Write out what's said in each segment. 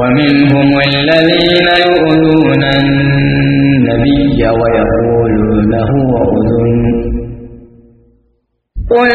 ومنهم الذين يؤذون النبي ويقولون هو أذن قل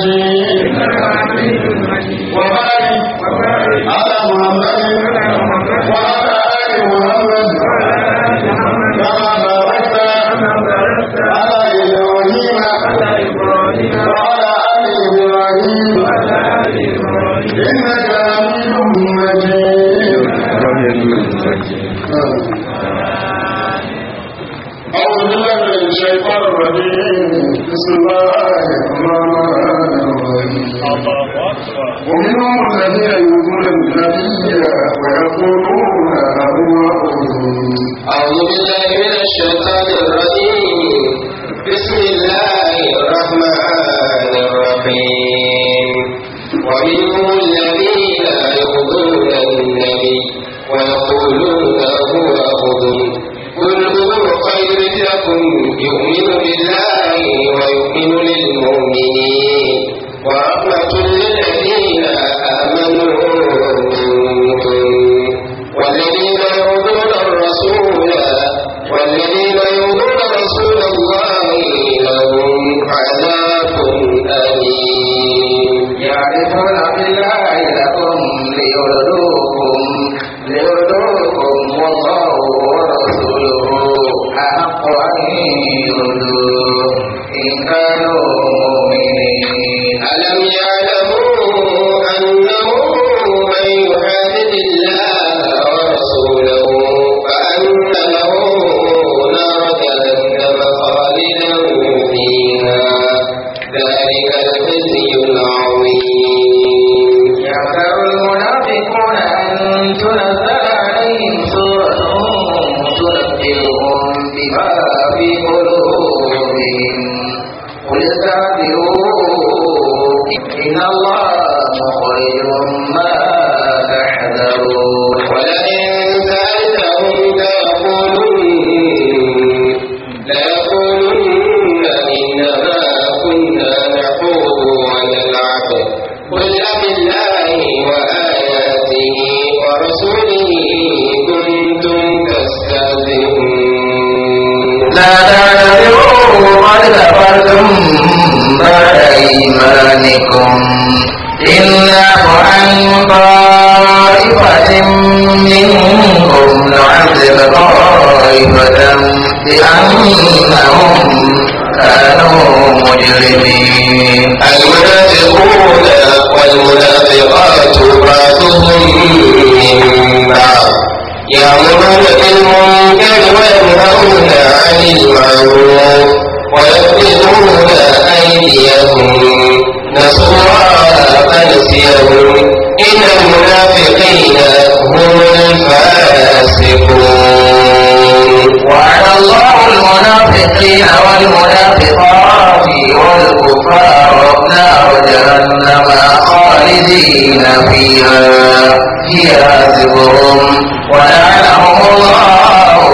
जी المنافقون والمنافقات بعضهم من بعض يأمرون بالمنكر وينهون عن المعروف ويقبضون أيديهم نسوا الله فنسيهم إن المنافقين هم الفاسقون وعلى الله المنافقين والمنافقات الكفار نار جهنم خالدين فيها فيها زبر ولعنهم الله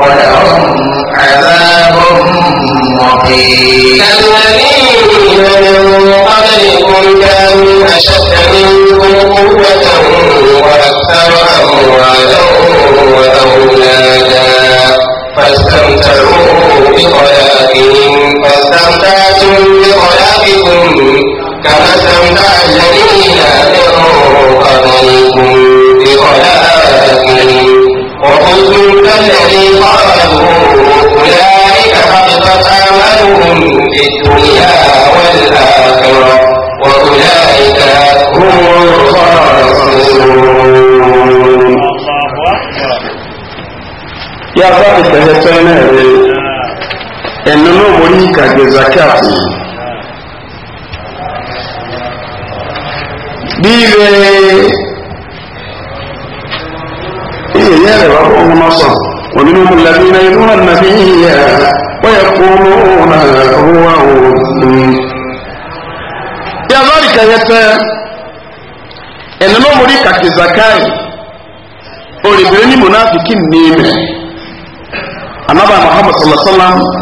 ولهم عذاب مقيم الذين من قبلكم كانوا أشد منكم قوة وأكثر أموالا وأولادا فاستمتعوا بخلاقهم فاستمتعتم بطلاقكم كما استمتع الذين من قبلكم بطلاقهم وقلتم كالذي قالوا أولئك حبطت أعمالهم في الدنيا والآخرة وأولئك هم الخاسرون يا رب تذكرنا ẹnu náà mo ní kàgbé zakat bí ilé ìyẹyẹ rẹ wà fún ọmọ sàn wọn nínú mo lẹbi náà inú náà nàbí yíyá wọn yẹ kó lóhùn náà wọn wà òun. bí abáàlì kẹyẹ tẹ ẹnu náà mo ní kàgbé zakat olùbẹ̀rẹ̀ ní monafiki ní ibẹ̀ anaba muhammad sallallahu alaihi wa sallam.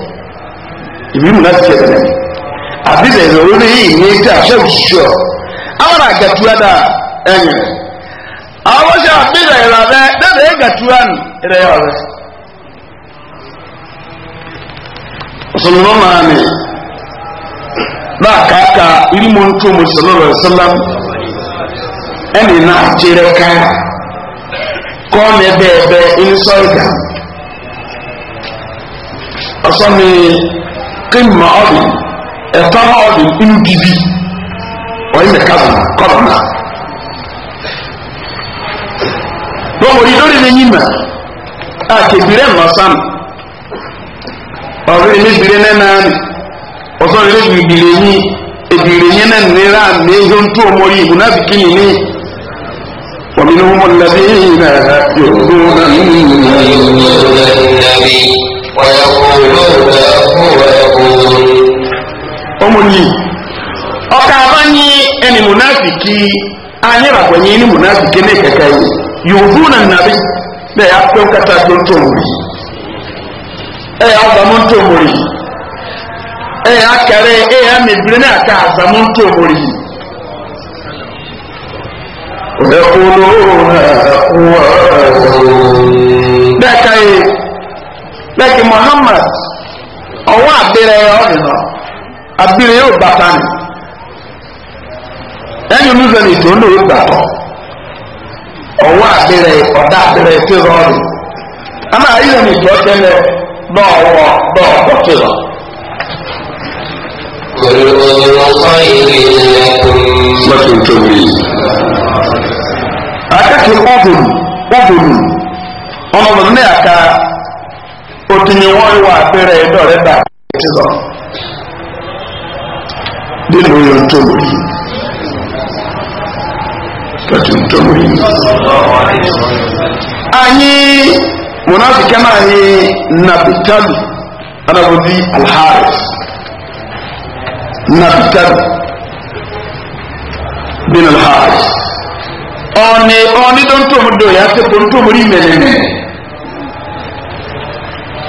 ìbírí mu n'asẹ ẹsẹ àbí bẹ̀rẹ̀ yìí ní ẹjẹ àṣẹ òṣìṣọ àwọn àgàtúwa dà ẹyìn àwọn ṣe àbílẹ̀ ìlànà dẹ́rẹ̀ ẹgàtúwa nù ọ̀rẹ́. Òṣèlú máa ní bá a kàákà ìrìmọ̀ ntú mu sọlọ́lọ́ ìsọ́lám ẹnì náà jẹrẹ ká kọ́ mi bẹ́ẹ̀ bẹ́ẹ̀ ń sọ ìgbà. kéèmù ma ọ̀dù ẹ̀tọ́ ma ọ̀dù inú dìbì ọ̀yẹ́ mẹ́ka bù kọ́lọ̀ náà. lọ́wọ́ yìí lórí lẹ́yìn mà á kébìrẹ́ mà sánù ọ̀rẹ́ ẹlẹ́bìrẹ́ nẹ́nà ọ̀sán ẹlẹ́bìrẹ́ yìí ẹbìrẹ́ yẹn náà nira mẹ́jọ ń tó ọmọ yìí ìbùnà bìkínì ومنهم الذين يؤذون النبي ọmọnyi ọka abanye ẹni munafiki anyị rakwanye ni munafiki ne kaka yi yovu na nnabi na ya fẹ́ nkata tó ń ẹ ya azamu ń tó ẹ yà akẹrẹ ẹ yà mẹbìrì náà ká azamu ń tó mori. ọ̀dẹ́kùnrin náà kú bẹ́ẹ̀ lẹ́kì muhammad ọwọ́ àbẹ̀rẹ̀ ọ̀dìnà àbẹ̀rẹ̀ yóò bàtà ni ẹni olùzẹ̀ ní ìtò lóò gbàtọ̀ ọwọ́ àbẹ̀rẹ̀ ọ̀dà àbẹ̀rẹ̀ tí ó rọrùn àmà ayílẹ̀ ní ìjọ tẹ́lẹ̀ lọ́wọ́ lọ́wọ́ tí ó akẹ́kọ̀ọ́ ọdún ọdún ọmọ ọdún ya ká ni wọ́n wà pẹ́rẹ́ ẹ̀dọ́ rẹ̀ bá ti sọ. Délé oyè ń tó lórí. Tọ́jú ń tó lórí. Anyi munafika náà ni Nabitalu Anabodi Alharis. Nabitalu bin Alharis. Ọ̀ni ọ̀ni tó ń tó mu dò yà sẹ́kọ̀ ń tó mu rí mẹ́lẹ́mẹ́lẹ́.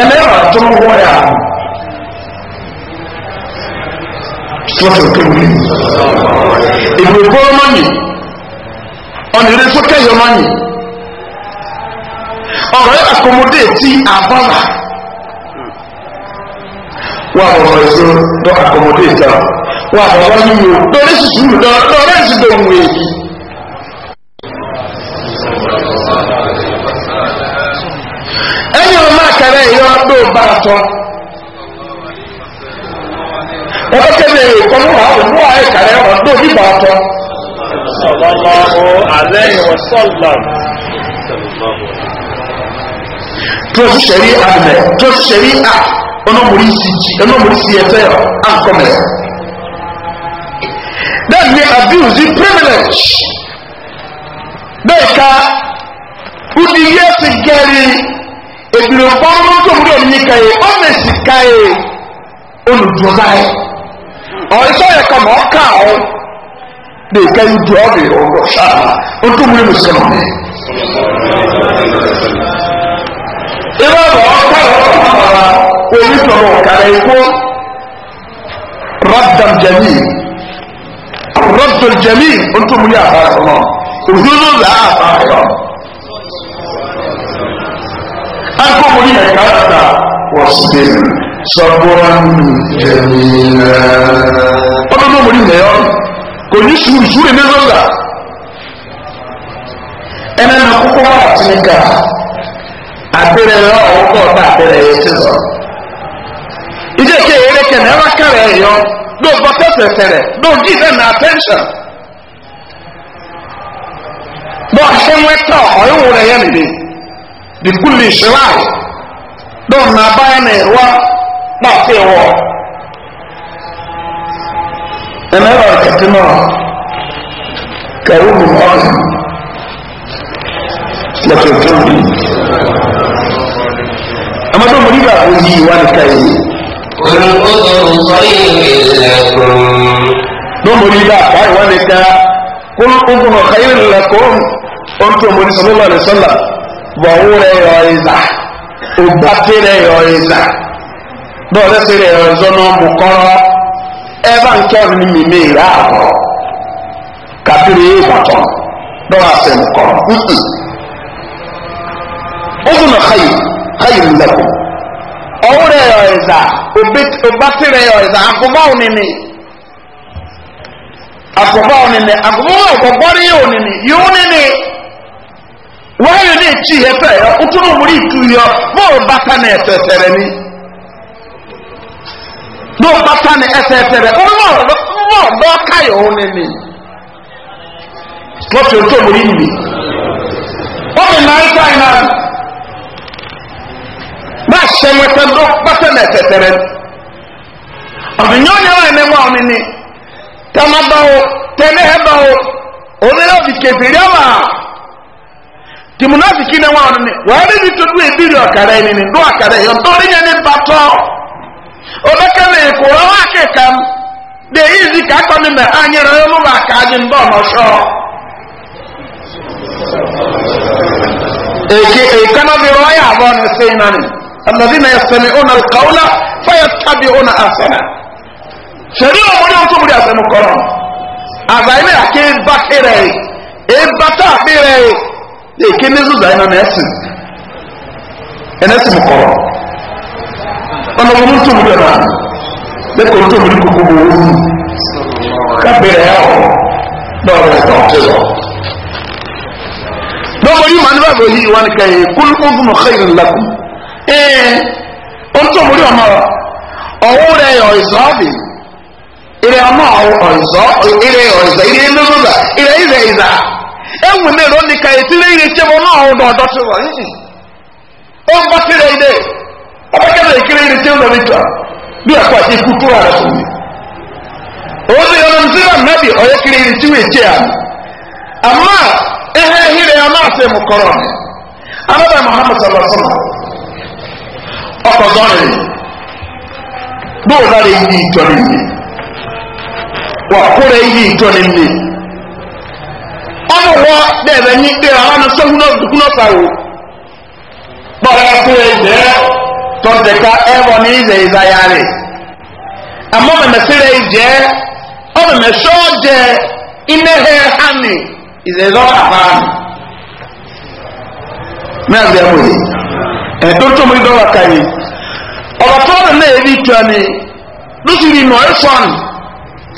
ẹlẹ́wà tó ń wọ́ ya fọ́sọ̀ tó wí ìgbòkó mọ́nyì ọ̀nìrí sókèyọ mọ́nyì ọ̀rọ̀ yà kòmódé tí àbọ́là wà ọ̀rọ̀ èso lọ àkòmódé ìta wà ọ̀rọ̀ yìí o lórí sísun lọ́rẹ́ ìsìnkú òun èyí. ẹ̀yin ọmọ àkàrà do bara tɔ ɛfɛ kɛmɛ kɔnɔ wa o nu ayɛ kari ɛfɛ do ni bara tɔ. sɔlɔlɔ alɛyi wa sɔlɔ. tɔsu sari amɛ tɔsu sari a ɔnɔmori si ji ɔnɔmori si ɛfɛ yɔ akɔmɛ. then we abuse the privilege. bɛɛ ka udi yɛ ti gɛri ebiri ọgbọ ọmọ tó múlò ní kẹyẹ ọmọ èsì kẹyẹ olùdúró báyẹ ọ̀ṣọ́ yẹ kọ́ mọ́ ọ́kà ọ́ lè kẹyẹ dùn ọ́ bẹ̀rẹ̀ ọ̀rọ̀ ṣáà ó tó múlò sọ̀rọ̀ mi. ìwé ọ̀rọ̀ ọ̀kà ọ̀rọ̀ ọ̀rọ̀ onítọ̀rọ̀ ọ̀kàrẹ̀ ikú rọ́dàm jẹ̀mí rọ́dàm jẹ̀mí ó tó múlò àbáyọ̀ náà òdúró làá àbáyọ̀ náà. أنكم من ní sùúrù sùúrù ní lọ́la na kókó wà láti ní ká abẹ́rẹ́ rẹ ọ̀wọ́kọ̀ ọ̀tá abẹ́rẹ́ yẹ ti lọ. ìjẹ́ kí èrè kẹ̀lẹ́ wá kẹ̀rẹ̀ ẹ̀yọ́ ló gbọ́ tẹ̀sẹ̀sẹ̀rẹ̀ ló ń dìde na attention. bọ́ọ̀ ṣé wọ́n tọ̀ ọ̀yún wò rẹ̀ yẹn nìyí likuli shirai don na baya na ewa na fewo ẹnna ẹrọ kẹtẹ náà kẹrù bù mọ́ọ̀nù lọ́tọ̀ tó ń bí amadu mo nígbà wo yìí wà ní káyé. Dọ́mọ̀ ní bá àpá ìwádìí ká kó ń gbọ́n ọ̀ka yìí lẹ́kọ̀ọ́ ọ̀ntọ́ mo ní sọ́lá lẹ́sọ́lá. bọ̀wúrẹ̀ yọ ya ògbátẹ̀rẹ̀ yọ ìzà bọ́ọ̀lẹ́sẹ̀rẹ̀ yọ ìzọ náà mú kọ́rọ́ ẹ̀bá nkẹ́rù ní mímí ìrà àbọ̀ kàbírí ìbàtọ̀ lọ́wọ́ àṣẹ mú kọ́rọ́ nǹkan. ó dùn wáyé ní ìtì ẹfẹ yọ ọtúnú múrí ìtú yọ bóò bàtà ní ẹsẹ ẹsẹrẹ ni bóò bàtà ní ẹsẹ ẹsẹrẹ bóò bọ káyọ ọhún nínú lọtí ọtún múrí nìyí ọmọ náà ń sáyìn náà bá a ṣe wẹtẹ ló bàtà ní ẹsẹ ẹsẹrẹ ọ̀bìnyọ́nyẹ́ wà ní wọ́n mi ni tẹ́lẹ̀ bá wo tẹ́lẹ̀ bá wo òun ni wọ́n fi kẹfìrí ọ̀wà. ti munafiki na wọn ni wọn ni tó dún ebiri ọkàrà ẹni ni ọkara ọkàrà ẹyọ tó ní yẹn ní bàtọ ọlọkẹ ní èkó ọwọ akẹkà m de èyí zi kakọ ní mẹ anyẹrẹ ọmọ bá ká ní èké èkánná wọn yà bọ ní sẹyìn náà ni na ẹsẹmi ọ̀nà kàwọlá fẹyẹ ọ̀nà àfẹnà ọmọ ní ọtún àfẹnukọrọ àgbà yìí ni na eke ne zuza ina na ɛsi ɛna ɛsi mu kɔrɔ ɔna wɔn mu tóbi dɛm a ne kɔrɔ tóbi ne koko wɔ wɔn mu kabere ya hɔ na ɔbɛ ɛsɛ ɔte lɔ dɔwɔ yi ma ne ba bɛ yi wani ka ye kulu ɔfunu xeyiri lakum ee ɔntɔn mu di ɔma ɔwɔ rɛ yɛ ɔyizɔɔbi ire ɔma ɔyizɔ ire ɔyizɔ ire ɛnɛ zuza ire ɛyizɛ enwe e na ero nika etire ihe chebo na ọhụrụ ọdọtụrụ o gbasịrị ide ọbaka ekere ihe chebo na rita akwa ti kutu o ti yọ nam ihe chebo eche ya ihe ihere ya na asị mụ kọrọ m anaba muhammad ẹ̀rẹ̀ ní pé aláàánú sọ́húnà dùkúnà sàwò bọ́ọ̀lá kú ẹ̀jẹ̀ tọ́jẹ̀ká ẹ̀wọ̀ ní ìzẹ̀ ìzayà rẹ̀ àmọ́ mẹ̀mẹ̀sẹ̀rẹ̀ ìjẹ́ ọmọmẹ̀sọ́ jẹ inẹ́hẹ́ hàmì ìzẹ̀ ìzọ́ àbáàmì mẹ́àgbé ẹ̀mọ̀ye ẹ̀dọ́ tó mú ìdọ́wà kàyé ọ̀rọ̀ tó rẹ̀ náà èrí ìtura ni lóṣù ìrìnà ẹ̀fọn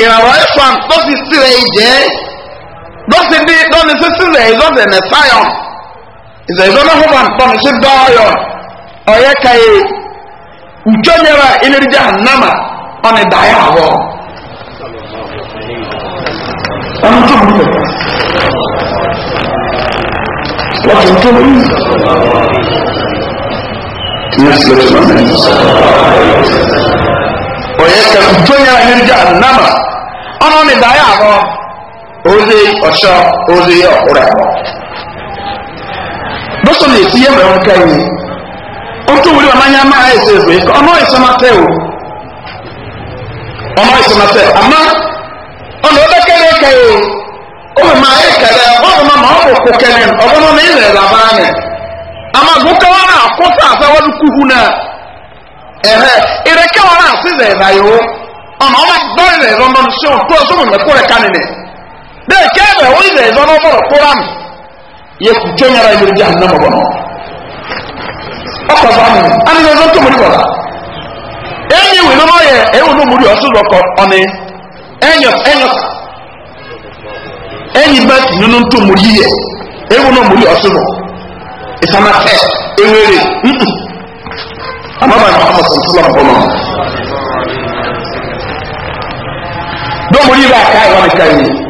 ìrànwọ́ ẹ̀fọn lọ́sì sílẹ̀ ìjẹ́ dɔsi di dɔni sisi zɛ ɛzɔ zɛ nɛ sayɔn zɛ ɛzɔ ne ho ba ntɔn si dɔɔyɔ ɔyɛ kaye utsɔ nyɛra inerija nama ɔni daya awɔ ɔni tó mu wɔtɔ tó mu ɔyɛ kaye utsɔ nyɛra inerija nama ɔni daya awɔ. ozi ọchọ ozi ọhụrụ ahụ bọsọ na-esi ya mere nka iwu otu wuri ọmanya amaghị esi efe ka ọ nọghị sọmata ewu ọ nọghị sọmata ewu ama ọ na obekere ka ewu ụmụ ma anyị kere ọ bụ ma ọ bụ kwụkene ọ bụ na ị lere ama anyị ama gụkawa na akwụta asawa dukwuhu na ehe irekawa na asị lere na iwu ọ na ọ ma gbọrọ lere ọnụ nso tụọ sọmụ mekụrụ kanịnị dee kebe wani da zama mara kuram ya kuce nyara yi rigi hannun mabano ọkọ zamu an yi zan tumuri e enyi wani ma yɛ ewu ni muri ɔsi zɔkɔ ɔni enyo enyo enyi bɛ ninu tumuri yɛ no ni muri ɔsi zɔ isana tɛ ewere amaba yi muhammad sallallahu alaihi wa sallam dɔw muri b'a ka ɛwà ni ka yi.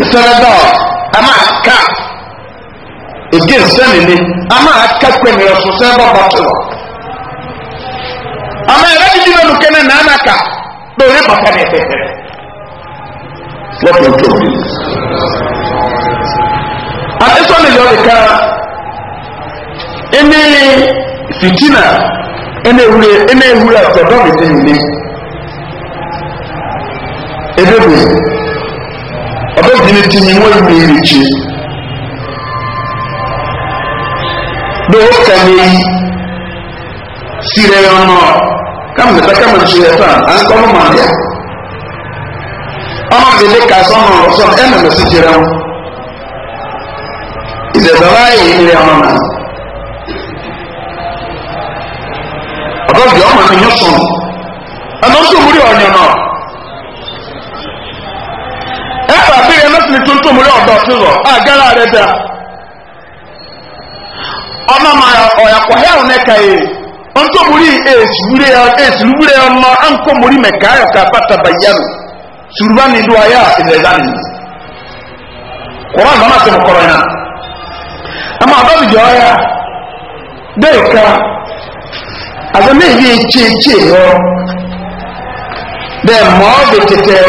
sɛnɛdɔ ama aka ege nsɛmini ama aka kpɛmi ɛfo sɛnɛdɔ bɔtɔ ama ɛrɛ didi bɛ no kɛnɛ nana ka na oye papa ne tɛtɛrɛ lɔpɔ ntɔbi atesɔ ne yɔ deka ɛne fitina ɛne ewure ɛne ewure atɔdɔ mi de mi ne ebe bi ɔbɛgyina ti ne wɔn mu yirikyi do wɔka ne yi sire yɛn no kam ne ba kam nso yɛ fa ankɔ no ma deɛ ɔno de ne ka sɔ no sɔ ɛna ne si kyerɛ ho ìdè bàbá yɛ yìnyɛ ɔno na ɔbɛ bi ɔmo ne nyɛ sɔn ɛna nso mu de ɔnyɛ no. ni tuntun mu rí ọ̀dọ̀ sí lọ àgẹ́rà rẹ̀ dà ọmọ ma ọ̀yà kọ̀ hẹ́rùn mẹ́ka yìí tuntun mu rí èsìlúwúrẹ́ ọmọ ànkọ́ mu rí mẹ́ka ayọ̀ ká pátá bàyẹ́nu sùrùbá ni ìlú ayé ìlẹ̀ ìlànà yìí kọ́ra ìgbà máa ṣe kọ́rọ̀ yẹn àmọ́ àbábìjọ ọ̀yà bẹ́ẹ̀ ká àgbẹ̀ méjì ẹ̀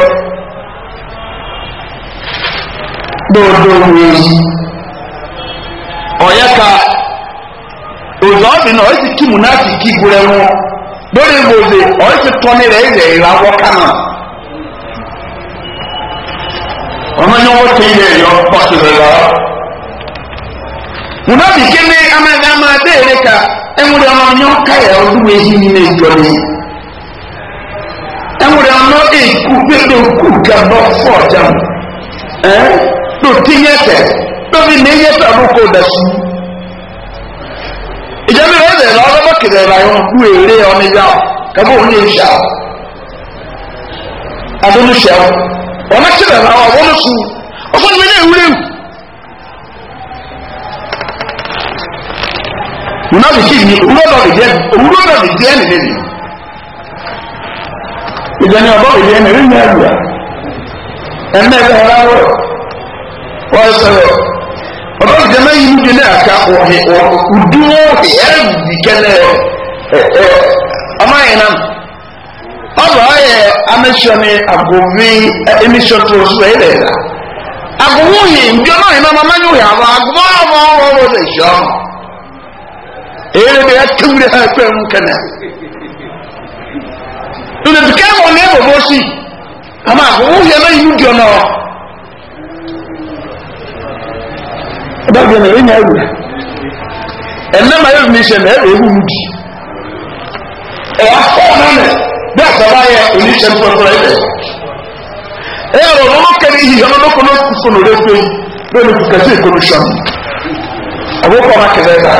dodo wezi ọ̀yẹ́ ka òzò ọ̀dùn náà ọ̀yẹ́ n'asị tìmù náà ti kí gbúrẹ́ wọn lórí ìgbòze ọ̀yẹ́ ti tọ́ni rẹ̀ ilẹ̀ ìlàwọ́ kánà ọmọ yẹn wọ́n ti ilẹ̀ yọ pọ̀tìlẹ̀ lọ. ka do tinye tɛ dɔbi ne yɛ tɛ ɔno k'o da si ìjẹbi rẹ lè lọ lọbọ kẹlẹ rà yọ kú èrè ọmọ ìyá ọ kàbọ òun yẹn ìṣá adúlù ṣẹ ọ ọmọ kẹlẹ rà ọ wọn sùn ọfọn mi náà ewúrẹ wù. nínú àbíkí náà lè náà lè ìjẹni lè ɔyɛsɛwɛ ɔdɔn jama yi mu gyina aka ɔhe ɔ ɔdumo ɔhe ɛdi kɛnɛ ɛɛ ɔmo ayɛ nam ɔba ɔyɛ amɛsɛ ne agovi ɛmisɛ to so ɛyɛ dɛ la agovo yi ndi ɔmo ayɛ nam ɔmo ayɛ ɔhe aba ha ama dábìá náà ẹ̀yìn ẹ̀rù ẹ̀nàmà ẹ̀rù ní ìṣẹ̀lẹ̀ ẹ̀rù ewu mu di ẹ̀ afọ́ nánà bí àtàwọn ayẹ oníṣẹ́ pẹ̀lú ẹ̀rẹ̀ ẹ̀ ẹ̀rọ ọ̀nà kẹ́lẹ́ yìí ọ̀nà ọ̀nà kọ́nà kùfọ̀nù rẹ̀ pé lórí kùkàtí ìkọ́nù sọ̀nù àbúkọ̀ ọ̀nà kẹlẹ́ dà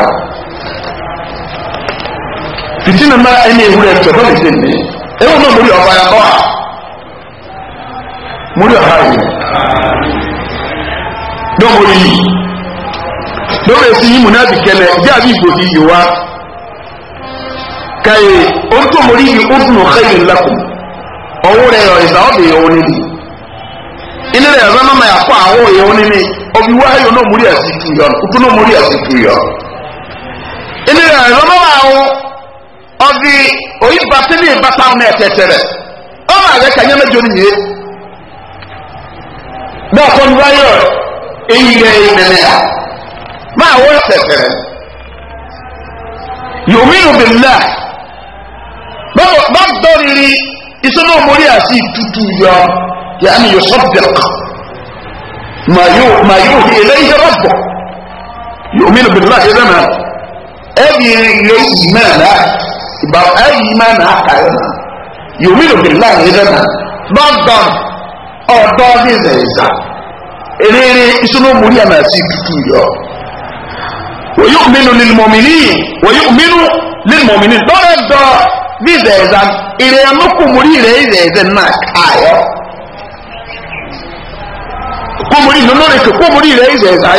fìtínà máa ẹni ewúrẹ́ tẹ̀ bọ́ọ̀lì dè ní ewu náà mórí ọ̀bá yà bọ́à mórí ọ̀bá yìí dọ́ọ̀mọ́rí yìí dɔbɛ si yi muna bi kɛnɛ jaabi godi yi wa kaye o tomori yi o tunu xeyi la kun ɔwɔ rɛ yɔ ɛsɛ ɔbɛ yɔ ne de ina rɛ yɛrɛ mama yɛ kɔ awɔ yɔ ne ne ɔbi wa yɔ n'omori asi tu yɔ kutu n'omori asi tu yɔ ina rɛ yɛrɛ mama awɔ ɔbi oyi bata ne bata ne tɛtɛrɛ ɔba yɛ kanya mɛ joli yɛ bɛ kɔn wa yɔ eyi yɛ eyi nɛnɛ ya máa wọ́ ẹ̀fẹ̀fẹ̀rẹ̀ yòmínú bìlá bá dọ́rìrì ìsọ́nà mórí àti tútù yọ yàní yòsọ́ bẹ̀rẹ̀ mà yóò hì eléyìí rọ̀bọ̀ yòmínú bìlá ẹ̀rẹ́ mẹ́rin ẹ̀bí ilé ìmẹ́rin ìbá ẹ̀yí mẹ́rin àkàrẹ́ náà yòmínú bìlá ẹ̀rẹ́ mẹ́rin bá dọ́n ọ̀dọ́ ní ìzẹ̀ ìzà èrè ìsọ́nà mórí àti tútù yọ. ويؤمن للمؤمنين ويؤمن للمؤمنين دور دو بيزيزا إلى أنكم مريد إذا ناك آية كمري نونك كمري إذا إذا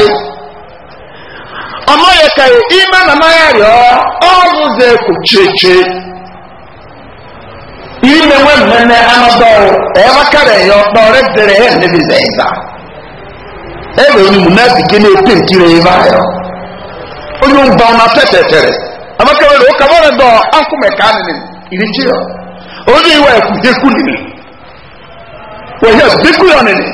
أما يكاي إيمان ما يرى أرزة كتشي إيمان ومن أنا دور أما كره يدور الدرهم بيزيزا أبو المنافقين يتنكر يبايو onye mba ọ na-atetetere amaka were ụka mara dọ akwụme ka anịnị iri chi ya onye iwe ekwuhekwu nịrị wehia bikwu ya ọnịnị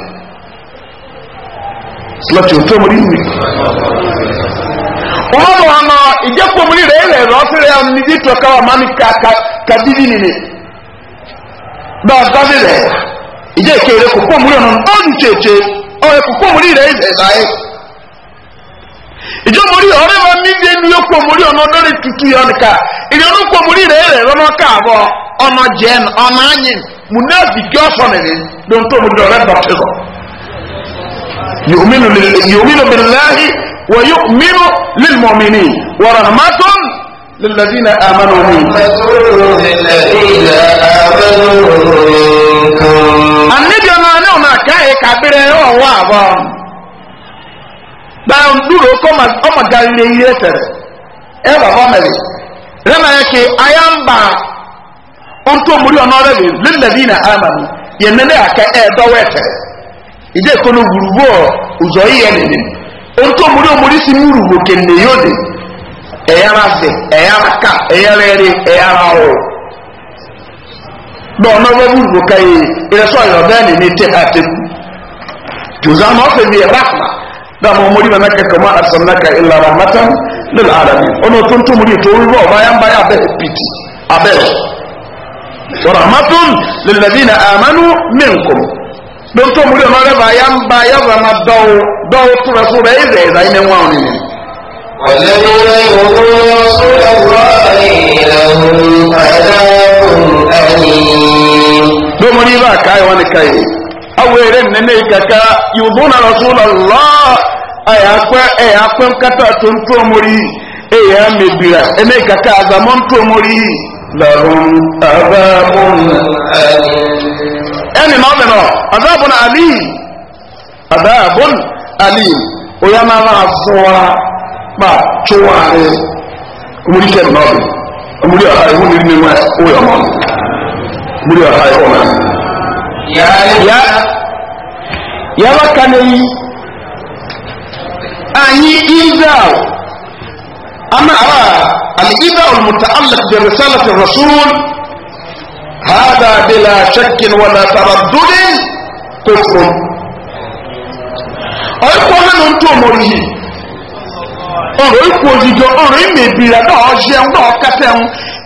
silati ofe mori nri ọmọ wa ma ìjẹ́pọ̀ mori rẹ̀ rẹ̀ rọ̀ fẹ́rẹ̀ ya ní ìtọ́ ká wà má ní ka dídí nìyí bá a dábì rẹ̀ ìjẹ́ ìkéré kò pọ̀ mori ọ̀nà ọ̀dùn tètè Ọ ẹ̀kọ́ pọ̀ mori rẹ̀ rẹ̀ rẹ̀ ìjọ mori ọrẹ wa mi de nu yóò kó mori ọ̀nà ọdọ́rẹ tutu yọ nìka ìdí ọdún kó mori rẹ rẹ lọ́nà káàbọ̀ ọ̀nà jẹ́n ọ̀nà anyin munafi kí ọ̀sọ̀ nìyí lóun tó mori ọrẹ bá ti sọ. yòmínú bìláhi wà yóò mínú للذين آمنوا منكم النبي ما نوما كاي كبيره هو na nduru ọma galile ihe mere ẹwà bọmẹlì aya mba kí ayamba ntòmùrí ọ̀nọ́rẹ́ mi lílẹ̀bí na amami yẹn nẹ́nẹ́ àkẹ́ ẹ̀ẹ́dọ́wọ́ ẹ̀tẹ̀ ìdí èkó ló wùrùwú ọ̀ ọ̀zọ́ yìí yẹn nìyẹn ntòmùrí ọmọdé sì ń wùrùwú kẹ̀ndé yóò dé ẹ̀yára sè ẹ̀yára ká ẹ̀yára ẹ̀rí ẹ̀yára ọ̀ bẹ́ẹ̀ ọ̀nọ́wọ́ wùrùwú káyé ìrẹsọ̀ ọ̀yọ́ bẹ́ẹ̀ nìyẹn tẹ̀ àtẹ̀kù da mu muri mana ka kama arsalnaka illa rahmatan lil alamin ono tun tun muri to ruwa bayan baya da piti abel wa rahmatun lil ladina amanu minkum don to muri mana bayan baya rama daw to rasul da izai zai ne wa ne ne والذين يؤمنون رسول الله لهم عذاب أليم دومني بقى كاي وانا awere nene ikaka yuduna rasulallah aya kwa aya kwa nkata to ntomori eya mebira ene ikaka azamo ntomori lahum azabun alim ene no me no azabun alim azabun alim oya na na azora ma choware omuri ken no omuri ahai hu ni ni wa oya mo omuri ahai ona yaba kane yi anyi izaw ama awa al-izaw al-muta'allaq bi risalat ar-rasul hada bila shakk wala taraddud kufr oy ko men on to mori yi ọ̀rọ̀ ikú òjijì ọ̀rọ̀ ìmì ìbìlẹ̀ náà ọ̀ṣẹ́ ń gbọ́ ọ̀kẹ́tẹ̀ ń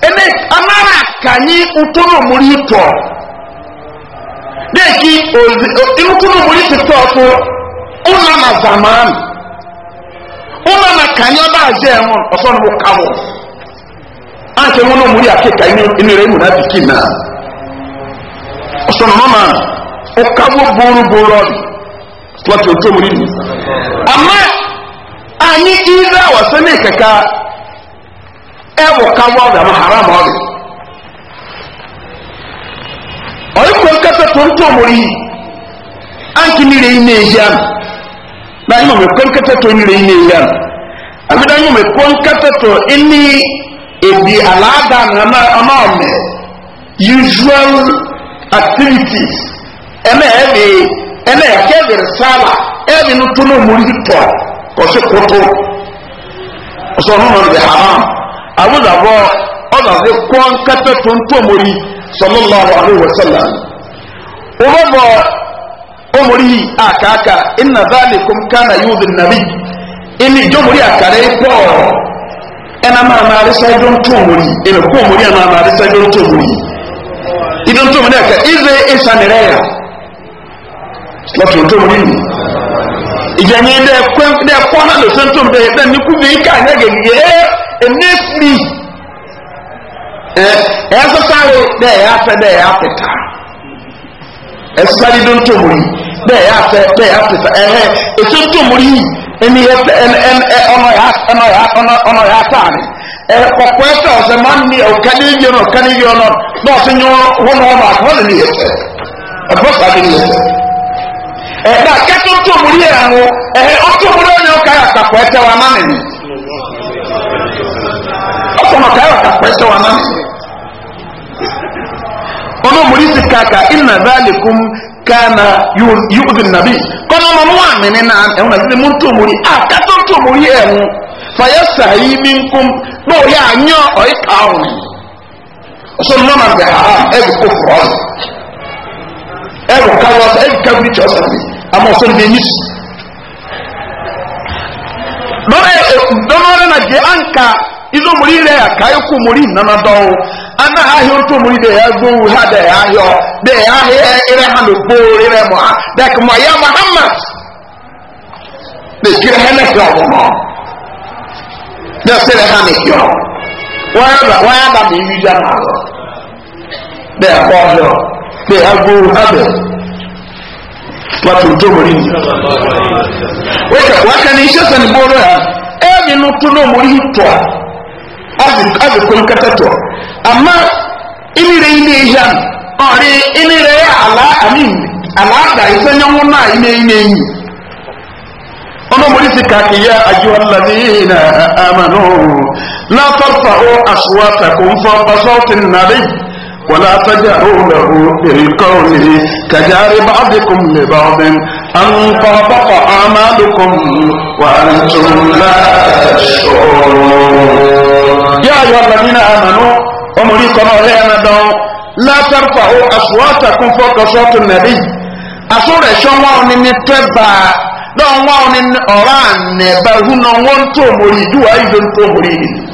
ẹni amára kàyí ń tó náà tọ̀ deki irukunu muri titɔ so ɔna na zaman ɔna na kanyɛ ba azɛ ɛwɔn ɔsɔ no ka wɔ anke wɔn na muri akeka enere mu na biki na ɔsɔ no mama ɔka wɔ booro booro slɔti otu ama ma ọ̀rẹ́kùnrin kẹsẹ̀ tó ń tó mọ̀rí áńkì nílé iné ìyá náà yóò mẹ́kọ́ kẹsẹ̀ tó nílé iné ìyá àbídá yóò mẹ́kọ́ kẹsẹ̀ tó ní èdè àlàáda àmà ọ̀mẹ́ usual activities ẹ̀mẹ́ ẹ̀mẹ́ ẹ̀mẹ́ ẹ̀kẹ́bẹ̀ sábà ẹ̀mẹ́ ní tó ní mọ̀rí tọ̀ ọ̀sẹ̀ kótó ọ̀sẹ̀ ọ̀nà ọ̀nà ìbẹ̀ haram àbúdàbọ̀ ọ̀nà ìbẹ̀ kọ́ kẹsẹ̀ tó ń tó mọ̀rí sallallahu alaihi wasallam urobo omori akaka inna dhalikum kana yudhi nabi ini jomori akare ko ena ma ma risa don tomori ina ko omori ma ma risa don tomori idon tomori aka ize isanereya lati tomori ni ijanye de kwen de kwana lo sentum de de ni kubi ka nyage ye enesli ɛsosare dɛ ɛyɛ afɛ dɛ ɛyɛ apɛta ɛsosare do ntomori dɛ ɛyɛ afɛ dɛ ɛyɛ apɛta ɛhɛ ɛso ntomori ɛni yɛ ɛn ɛn ɛ ɔnɔ yɛ ɔnɔ yɛ ɔnɔ ɔnɔ yɛ ataare ɛ kɔkɔ ɛsɛ ɔsɛ man ni ɔka ne yie no ɔka ne yie no na ɔsɛ nyɛ wɔn wɔn baako wɔn ne yɛ sɛ ɛbɔ saa ne yɛ sɛ ɛda kɛtɛ ntomori yɛ ano ɛhɛ ntomori yɛ ɔka yɛ akakɔ ɛtɛ wa ma ne ni. ọ̀nà káyọ̀ kàpẹ́ sọ wọn náà ọmọ mòrí ka na ìnà dáàlìkún kánà yóòdù nàbí kọ́nà ọmọ wọn àmì nínú ẹ̀hún náà títí mú tó a àkàtọ́ tó mòrí ẹ̀hún fàyẹ́ sàyí mi ń kún bó yà á yán ọ̀yí pa ọ̀hún ọ̀sọ́ ni wọ́n máa bẹ̀ ha ọsọ kó fọ́ ẹ̀rù káwọ́ ẹ̀rù káwọ́ ìjọ izo muri re akai ku muri na do ana ahio to muri de ya go ha de ahio de ahio e, ire ha no bo ire mo ha de ko ya muhammad de kire ha ne yo mo de se le ha ne yo wa ya ba wa ya ba mi wi ja ma lo de ko yo de ha go ha de watu to muri ni wa ka wa ka ni shesa ni boro ya e mi no to no muri to azụ azi kwenkatato ama inire ine ihe ọrị inire ya ala anyị ala aga isenye nwụ na ime ime enyi ọnụ mụrụ isi ka ka ya ajụwa lalị na amanụ ahụ tarfa'u aswatakum fawqa sawti an-nabiy ولا تجهروا له بالقول كجار بعضكم لبعض أن طابق أعمالكم وأنتم لا تشعرون يا أيها الذين آمنوا أمريكم علينا دعوا لا ترفعوا أصواتكم فوق صوت النبي أصور شمعون نتبع دعوا وعن أران بهنا وانتم مريدوا أيضا تمريدوا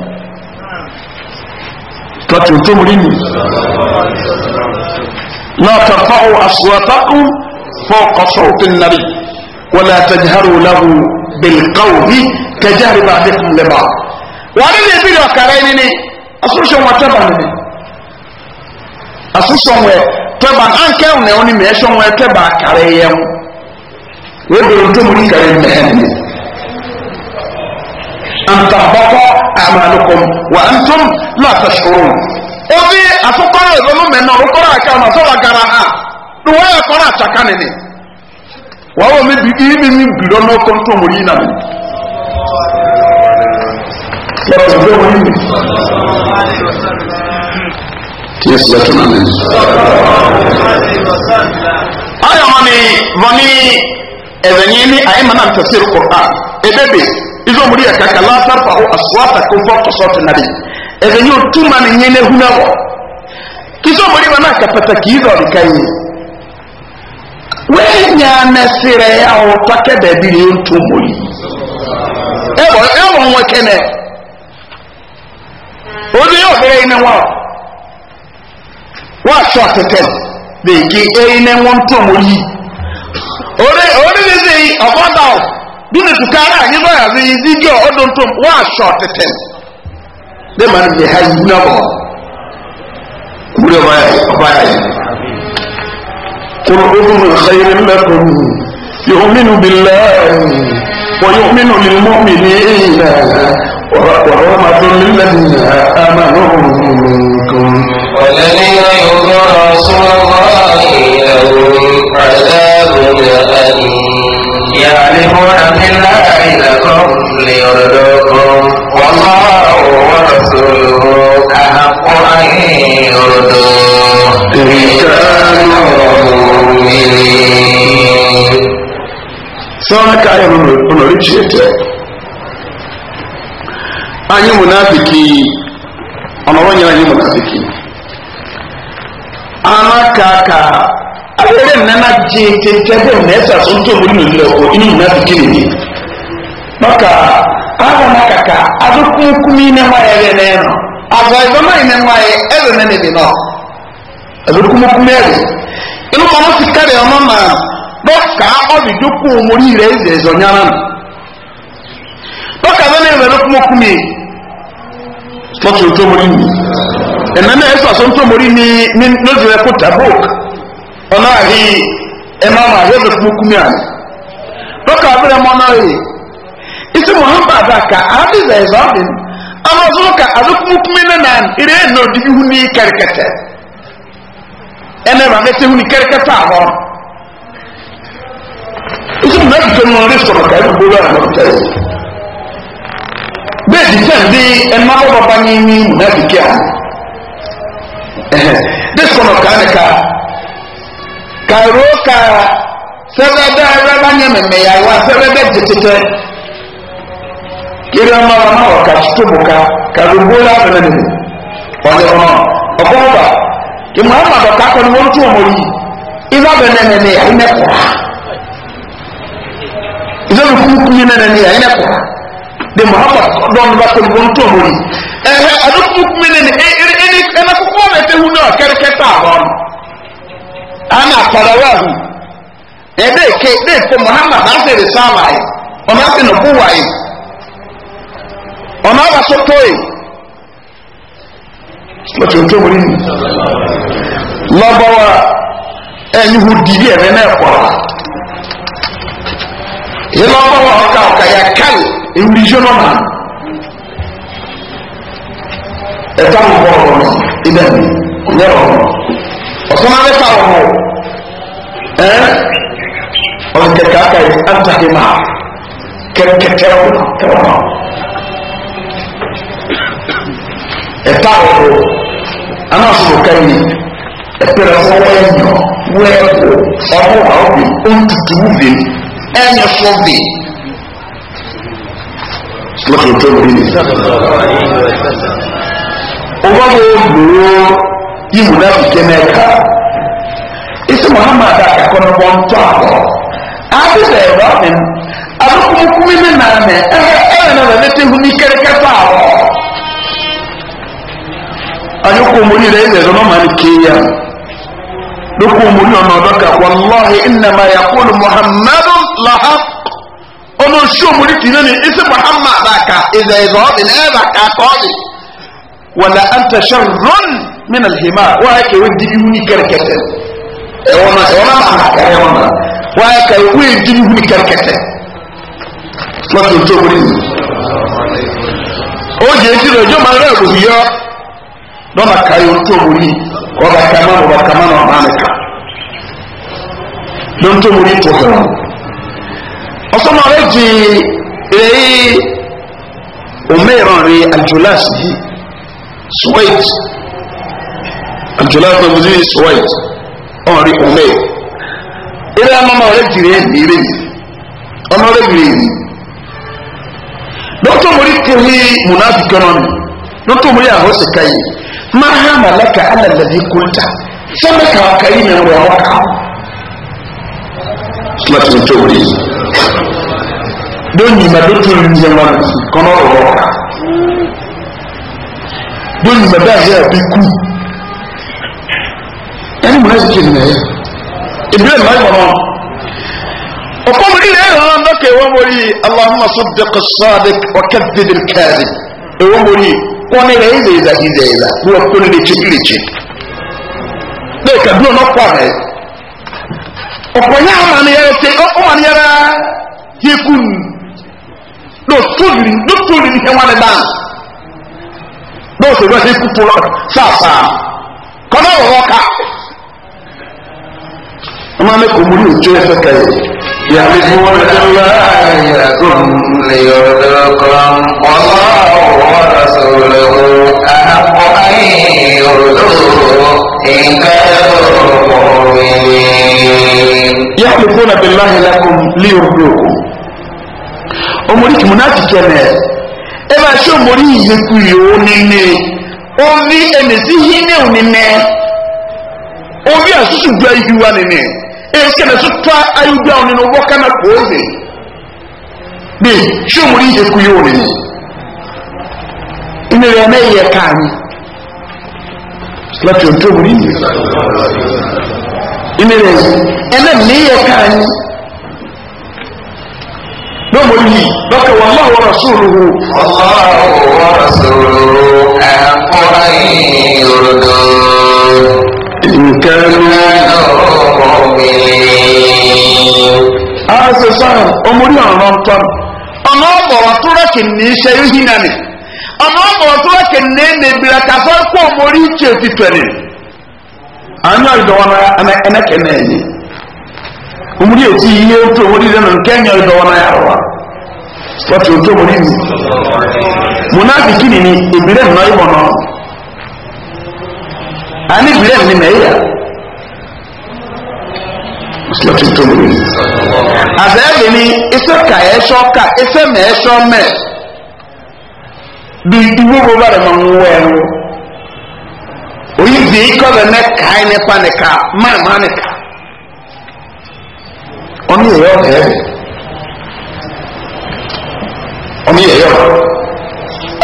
tọ́tù tó múrí nì náà tàfà ó àṣùwàtàkù fọ́ọ̀kọ̀ sọ́ọ̀tì nàrí wọ́n náà tẹ̀járu láwù bẹ̀lkáwù bí tẹ̀járu bá dé fún lẹ́bà wọ́n ní lè bílẹ̀ ọ̀kàrà yìí ni asúnṣe wọn tẹ́bà nìyí asúnṣe wọn tẹ́bà à ń kẹ́hùn náà ó ní mẹ́ẹ́sọ̀ wọn tẹ́bà yẹn wọ́n bẹ̀rẹ̀ tó múrí kàrẹ́ mẹ́ẹ́ni. أن تحبط أعمالكم وأنتم لا تشعرون أبي أفقر يظلم من أفقر أكام أفقر أكرها نوايا فرا تكانني وهو من بيئي من بلون وكنتم مرينا من Yes, yes, yes. I am a money, a money, a money, a money, a money, a money, a money, a money, a money, a money, a money, a money, a money, a money, a money, a money, a money, izo muri ya kaka la tarfa'u aswatakum fawqa sawti an-nabi ebe nyo tuma ni nyene hunawo izo muri wana kapata kizo likai we nya mesire ya otake bebiri ntumuri ebo ebo nwekene odi yo bere ina wa wa shotete bege eine wontumuri ore ore lezi abada duna tukara anyi ba ya zai yi gyo odon oh, tom wa short ten ne ma ne ha yi na ba kure ba ya ba ya yi qul udun khairin lakum yu'minu billahi wa yu'minu lil mu'minina wa rahmatun lil ladina amanu minkum والذين يؤذون رسول الله لهم عذاب أليم يعلمون بالله لكم ليردوكم والله ورسوله أحق أن يردوه إن كانوا anyị munafiki ọnọrọ nyere anyị munafiki anaka ka awore nana je tete bo nesa so nto mo ni lo ko inu na bi kini ni maka aga na kaka adu kun kumi na ma ya ne no azo izo na ne ma ya elo na ne bi no adu kun kumi ma no sikare o mama bo ka o bi joku mo ni re ze zo nyana no bo ka na ne elo kun kumi sport to mo ni ni enana esa so nto mo ni ni no je ko ɔno ahe ɛma ma ahe bɛfu kumi a dɔka aberɛ mɔ no ye isi muhammad aka ade zɛ ɛzɔ ɔde ama ɔso ka ade kumu kumi ne ere na odi ihu ni kɛrɛkɛtɛ ɛnɛ ma mɛte hu ni kɛrɛkɛtɛ a hɔ isi mu nabi tɛ mu ne sɔrɔ ka ɛbi bolo a ma tɛ bɛɛ di fɛn de ɛma bɔ baba ni mu nabi kia ɛhɛ de sɔrɔ ka ne ka. kàró ka sẹ́fẹ́ bẹ́ ẹ̀rẹ́ bá nyẹ mẹ̀mẹ̀ yà wá sẹ́fẹ́ bẹ́ tètè kiri ọmọ ọmọ náà ọ̀ka tó bù ká kàró gbóòlà fẹ́lẹ́ nìyẹn ọ̀dẹ̀ ọmọ ọkọ ọba muhammadu ọ̀ka kọ́ ni wọ́n tún ọmọ yìí ìlà bẹ̀ nẹ̀ nẹ̀ yà ẹ̀yìn ẹ̀kọ́ ìlà bẹ̀ kúkú yìí nẹ̀ nẹ̀ yà ẹ̀yìn ama akɔlɔwɔhu ɛdɛ ke de ko muhammad ase de sáwa yi na ase no buwa yi ɔno aba so to yi lɔtɔ to wuli ni lɔbɔwa ɛnyuhu dibi ɛmɛ na kɔla yi lɔbɔwa ɔka ɔka yɛ kari ewuli dzo nɔma na. mo bɔlɔ nɔ idɛ mi ɔnyɛ bɔlɔ. ọ̀sán alẹ́ fà wọ̀ ẹ́ ọ̀n kẹ̀kẹ́ aka yìí àtàkì máa kẹ̀kẹ́kẹ́ wọn kẹ̀wọ́ náà ẹ̀ta wọ̀ ọ́ anásùn kẹ́yìn ẹ̀pẹ̀rẹ̀ fọ́ wọ́n yàn wẹ́ẹ̀ wọ ọ̀hún àwọn bì ó ń tutù wù bì ẹ̀yẹ fọ́ bì lọ́kùnrin tó ń mi. ọgbọ́n mi ò gbòòrò yi munafiki n'ɛka esi muhammad akakɔ no wɔn tɔ abɔ adi sɛ ɛwɔ ame no abakumukumi ne naanɛ ɛhɛ ɛyɛ na wɔde te hu ni kɛrɛkɛ tɔ abɔ ayɔ kɔmori rɛ ɛyɛ zɔn ɔma ne keya do kɔmori ɔna ɔdɔ ka wɔlɔhi nnama yakolo muhammadu laha omori ti ne ne muhammad aka ɛzɛ ɛzɔ ɔbi na ɛyɛ ba ka wala anta sharrun min alhima wa ke we digi huni kerkete e wona e wona ma ka e wona wa ke we digi huni kerkete wa to to buri o je ti rojo ma re ko yo do ma ka yo to buri ko ba ka ma ba ka ma no ma ka don to buri to ko ọsọ ma re ji èyí òmíràn rí àjùlá sí yìí suwait abdullahi abdulaziz suwait ọ̀rí ọ̀mẹ́ eré amọ́mọ́ rẹ̀ jìrì ẹ̀dì rẹ̀ ọmọ rẹ̀ jìrì ẹ̀dì dókítà mori kéwì munafi kọ́nọ́n dókítà mori àwọn sèkà yìí máa hàn màlẹ́kà alàlẹ́bí kúlta sẹ́mi kàwá kàyí nà wà wà kà. Sọ́tún tó wọlé yìí. Dóyìn ma dókítà mi yẹn wà kọ́nọ́ wọ̀ wà kà lórí bàbá àyà àbí kú ẹni mọ̀ láti kí nìyẹn ìbílẹ̀ mọ̀ ẹ̀kọ́ náà ọkọ mi nílẹ̀ ẹ̀rọ náà lọ́kẹ̀ wọ́n mọ̀ rí aláhùnmá sọ́dẹ̀kọ sọ́dẹ̀k ọ̀kẹ́ dídì kẹ́rì ẹ̀wọ́n mọ̀ rí wọ́n ní rẹ̀ ilẹ̀ ìlà ilẹ̀ ìlà wọ́n kó lè tsi lè tsi lè kàdúrà náà kọ́ àrẹ ọ̀pọ̀ bó ṣe wọ́n ṣe kútu lọ fàfà kọ́nà ọ̀rọ̀ ká. wọ́n máa ń kó múlò ojú ẹsẹ̀ kẹyẹ. yàrá tí wọ́n lè lọ àyà tó lè yọ̀rọ̀ kan ọ̀lá ọ̀rọ̀ àṣọ̀rọ̀ àpò ayé òdòdó nǹkan ọ̀rọ̀ yàrá fún abiláhi lakum lè yọ̀rọ̀ ọmọ orí kìmọ̀ náà ti kẹ́ mẹ́ẹ̀ ebe asho mori iye kuyi onene ovi emezi hine onene ovi asusu gba ihiwa nene esi na sotwa ayugba onene obo kana kwoze bi sho mori iye kuyi onene inere ene iye ka anyị láti ọjọ́ mori iye inere ene iye ka anyị lọ́mọlì lọ́kẹ̀ wà máa wọ́n rasúlùú. ọlọ́run wọ́n rasúlùú ẹ̀kọ́ ìrọ̀dọ̀. nǹkan asesa ọmọdé ọ̀rọ̀ ntọ́ ọmọ ọ̀bọ̀wọ̀ tó rẹ̀kì ní iṣẹ́ yóò hínà ni ọmọ ọ̀bọ̀wọ̀ tó rẹ̀kì ní ẹ̀mẹ̀bìrà kásán kó ọmọdé ìkẹ́ òtítọ́ ni. àánú àdìdọ́wọ́n ẹnẹ́kẹ́ náà yìí omuli eti iye otu omuli lɛ no nkɛnyɛ dɔwɔ na yawa wɔte otu omuli muna munafiki ni ni ebire mu n'ayi bɔnɔ ani ebire mu ni na eya wɔte otu omuli ni azɛɛli ni ese ka ɛsɛ e ɔka ese mɛ ɛsɛ e ɔmɛ bi iwo wo ba dama ŋu wɛ no oyi zi kɔlɛ nɛ kaa ne pa ne ka maa maa ne ọní ẹ̀yọ́ kẹ́ẹ̀ ọní ẹ̀yọ́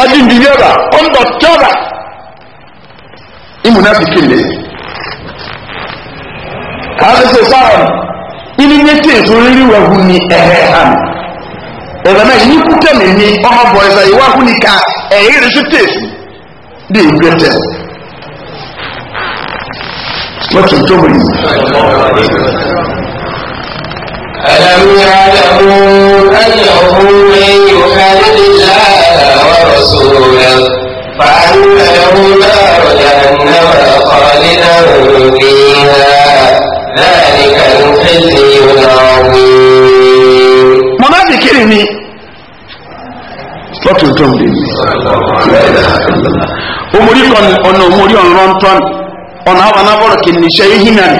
adindini ọba ọndọtọ ọba imunafiki le kàdéṣe sáwọn ilé ní etí èso rírí wà hu ni ẹ̀hẹ́ hàn ẹ̀rọ náà yìí kú tẹ̀lé ní ọmọ bọ̀ ẹ̀sà ìwà hu ni ká ẹ̀yìn rẹ̀ sí tèèfù dé ìgbé tẹ̀ wọ́n tún wọ̀nyí. ألم يعلموا أنه من يحارب الله ورسوله فأن له نار جهنم خالدا فيها ذلك الخزي العظيم منافق إني lọ́tún tó ń lè ní omori kan ọ̀nà omori ọ̀nà ọ̀ntọ́n ọ̀nà àwọn anábọ̀rọ̀ kìnnìṣẹ́ ihinani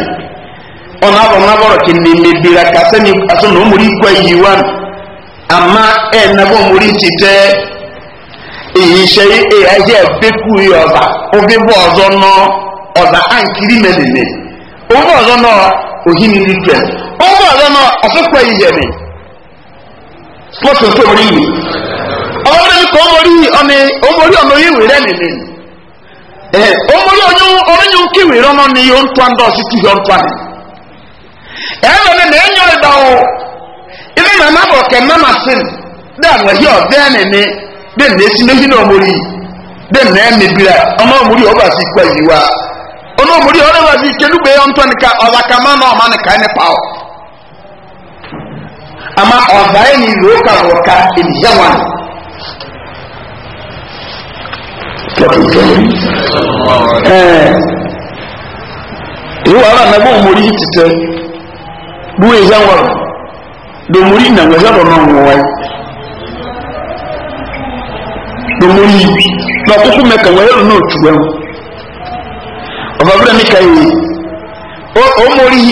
Ọ na-abụ bọ̀rọ̀ kì ní mẹ́bìrà kásẹ́ni àtúnú mórí na yìí wá àmá ẹ̀ nàbọ̀ mórí ti tẹ́ èyí ṣe é ẹ̀yẹ́ bẹ́kù yìí ọ̀zà ó bí bọ́ ọ̀zọ́ ná ọ̀zà á ń kiri mẹ́lẹ̀lẹ̀ ó bọ́ ọ̀zọ́ ná òhìn ní rìpẹ̀ ó bọ́ ọ̀zọ́ ná ọ̀fẹ́kọ̀ ẹ̀rọ na nà ẹ̀yọ́ ìdá o ilé ìrìn àmà bọ̀ kẹ̀ mẹ́mà sí dị dẹ́ àwọn ẹ̀yọ́ ọ̀dẹ́ ni ni dẹ́ nà esi méjì náà mórí dẹ́ nà ẹ̀ mẹ́bìrà ọmọ òmùrí ọba sí ikú ẹ̀yí wa ọmọ òmùrí ọba sí ikẹ́dùgbẹ́ ọ̀ntọ́ nìka kàmá náà nìka àmà buwe za waro domuri na weza do non wo wai domuri na kuku me ka wero ya tuwe obabura ni kai o o mori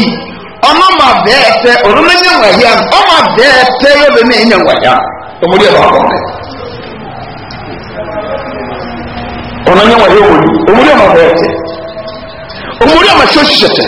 ọmọ ma bẹẹ ete ọdún ní ẹnyẹn wáyé ọmọ bẹẹ tẹ ya bẹ ní ẹnyẹn wáyé ọmọdé ya bọ bẹ ọmọ ẹnyẹn wáyé ọmọdé ọmọdé ọmọ bẹẹ tẹ ọmọdé ọmọ ṣọṣì ṣẹṣẹ.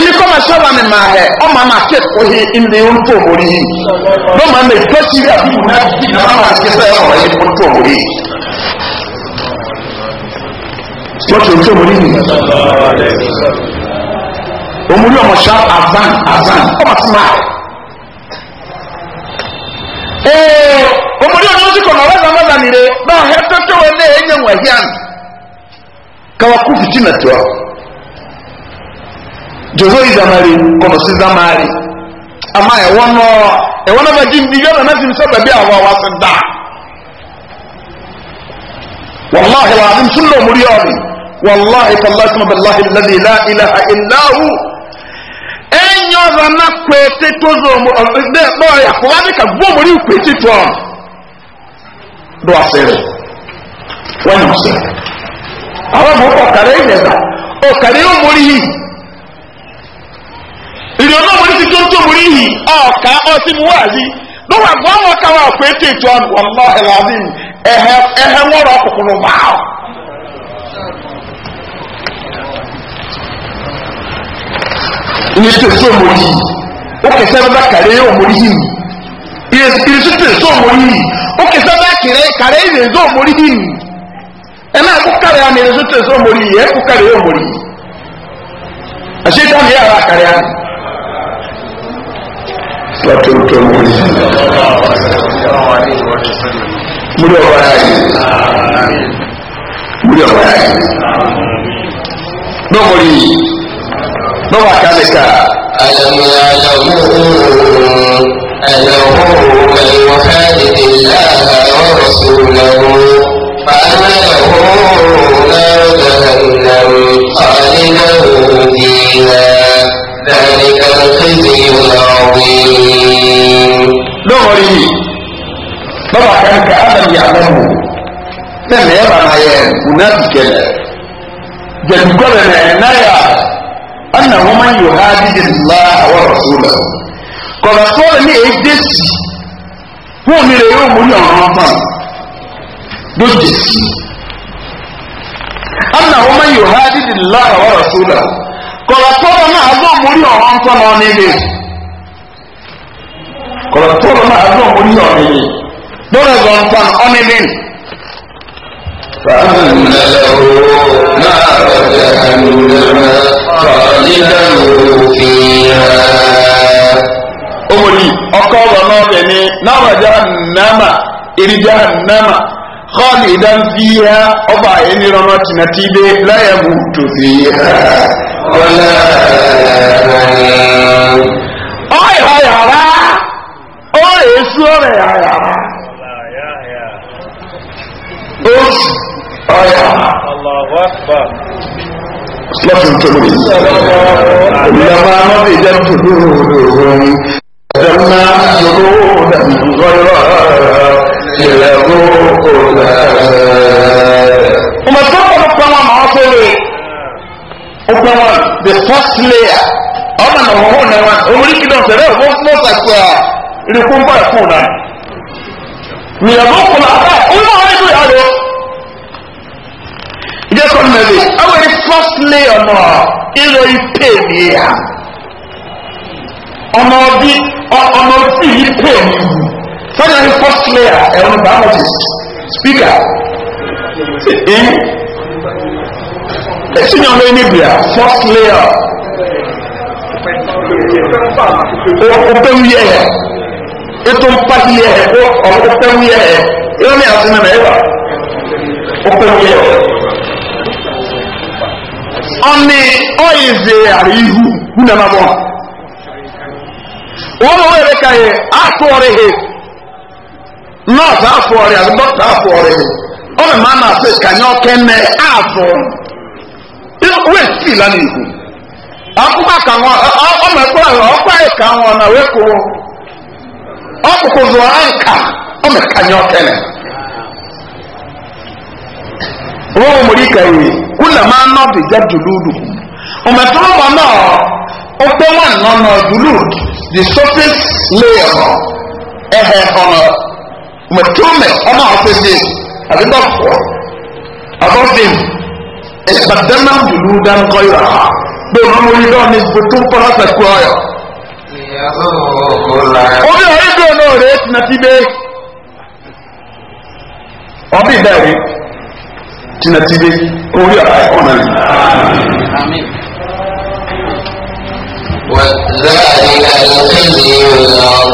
èmi kọ́ máa ṣọ́ra mi máa hẹ̀ ọ́ máa máa ké oye ilé ń tó orí yìí ló máa mẹ tó sí ilé àbí ìwé àbí ìwé máa máa ké sẹ́yìn ọ̀rọ̀ yìí ń tó orí yìí. wọ́n ti ń tó orí yìí. òmùrí ọmọ jehoi zamari kɔnɔ si zamari ama ɛwɔ nɔ ɛwɔ nɔ bɛgye ndi yɛ nana fim sɛ bɛbi awɔ awɔ ase da wàllahi wa alim sunna omuri ɔbi wàllahi tallahi suma bɛlahi ladi la ilaha illahu ɛnyɛ ɔzana kwete tozo mu ɔdɛ bɔyɛ akɔwa ne ka gbɔ omuri kwete tɔn do asere wɔnyɛ ɔsere awɔ mu ɔkare yɛ da ɔkare omuri yi ìrì ọ̀nà wọn ti tó ń tó mú rí yìí ọ̀ọ́ká ọtí mu wáàzí lọ́wọ́ àgbọ̀n wọn ká wà pé ètò ètò ọ̀nà ẹ̀láàbí ẹ̀hẹ́ wọn rọ kòkòrò máa. ní ètò ètò mú rí yìí ó kẹsẹ́ bá kàrẹ́ yóò mú rí yìí ìrìsí tó ètò mú rí yìí ó kẹsẹ́ bá kàrẹ́ ìrìsí tó mú rí yìí ẹ̀ náà kó kàrẹ́ àmì ìrìsí tó ètò mú rí yìí ẹ̀ kó kàrẹ́ yóò mú rí yìí àṣetá mi lọ́tọ̀ọ̀tọ̀ múlẹ̀ múlẹ̀ ọ̀rọ̀ ayé múlẹ̀ ọ̀rọ̀ ayé lọ́wọ́rì lọ́wọ́ àkàlẹ́kà. àlàmì àlàmù àlàmù ẹ̀wọ̀n káàdì láàbà ọ̀rọ̀ sùnmọ̀ fàánà ọ̀hún náà jahannam ọ̀lẹ́dàá òdìyà ذلك الخزي العظيم baba kan ka adam ya alamu na me gobe na ya annahu man yuhadidu allah wa rasulahu ko ba so ni e desi ho ni re yo mu ni on pa do desi man yuhadidu allah wa rasulahu ko na azo mu ni on pa no ni na mu ni ni bóra gbọ́n kwan ọ́nẹ́ bẹ́ẹ̀ ni. فأنا له نار جهنم خالدا فيها أمري أقول نارني نار جهنم إلى جهنم خالدا فيها أبا إني رمت نتيبة لا يموت فيها ولا أي هاي هلا أي سورة هاي هلا آية الله أكبر لكن تقول لما نضجت جلودهم بدلنا جلودا غيرها ليذوقوا وما تقبل الطعام عاطلي وكمان بالفصل أنا ما هو نوان أمريكي دون سبب مصنص أكوا يكون بقى فونا ليذوقوا العذاب وما عليكم يا dé kọ́ mẹ́lì àwọn ẹni fọ́sílẹ̀ ọ̀nà ìlò ìpè mi yá ọ̀nà ọ̀bí ọ̀nà òtí yìí pè mí sọ́jà ní fọ́sílẹ̀ ẹ̀rọ biologist speaker ẹ̀yìn ẹ̀sìn ní ọ̀nà ẹni bìà fọ́sílẹ̀ ọ̀pẹ̀wù yẹ ẹ̀ ètò mpáhi yẹ ẹ̀ ọ̀pẹ̀wù yẹ ẹ̀ ẹ̀rọ ní àti nínú ẹ̀ wà ọ̀pẹ̀wù yẹ ẹ̀. ọmị ọyịzịgharị ihu hụna na bụ wọn were ka ya afọrịghị nọọsụ afọrị a dọkịta afọrịghị ọ bụ na-asị ka ọkụ nne afọ wee stila n'ihu akwụkwọ ka nwa ọ mekwa ka nwa na wepụ ọkpụkpụ zụọ ọ ka wọ́n mọ̀rí kẹ́yì kúlẹ̀ máa ná bí jẹ́ dùlúùdù ọ̀mẹ̀tọ́mọ̀ náà ó pé wọn nọ̀nà dùlúùdù the surface layer nọ ẹ̀hẹ̀ ọ̀nà ọ̀mẹ̀tọ́mẹ̀ ọ̀nà ọ̀fẹ́sẹ̀ àbíkọ̀kọ̀ àbọ̀fẹ́m ìpàdánà dùlúùdà ń kọ́ yọ̀ bẹ́ẹ̀ wọ́n mọ̀rí náà ní gbogbo ń kọ́lá sẹ́kù ọ̀yọ̀. ọbẹ̀ ọ̀rẹ́dùn náà rẹ̀ ẹ̀ tinatibe orí ọ̀rọ̀ ọ̀nà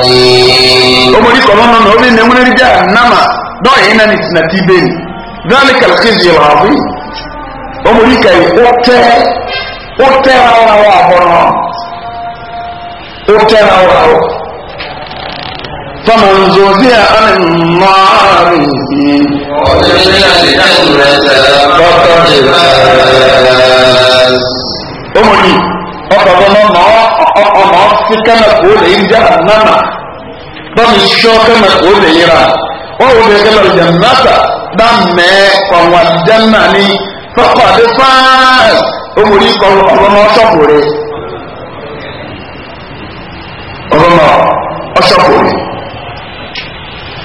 ni. omori kɔnɔ nɔnɔ obi ne ŋmene dza nama dɔw yina ni tinatibe ni dɔwɔli kalkizi wa awi omori ka yi ɔtɛ ɔtɛ rawa wa bɔnɔ ɔtɛ rawa wa. فمن زوزي عن النار وأدخل الجنة فقد فاز أمي أقبل ما أمسك نقول إن جهنم فمن شوك نقول إيران وأدخل الجنة دم فوالجنة فقد فاز أمي أقبل ما شكوري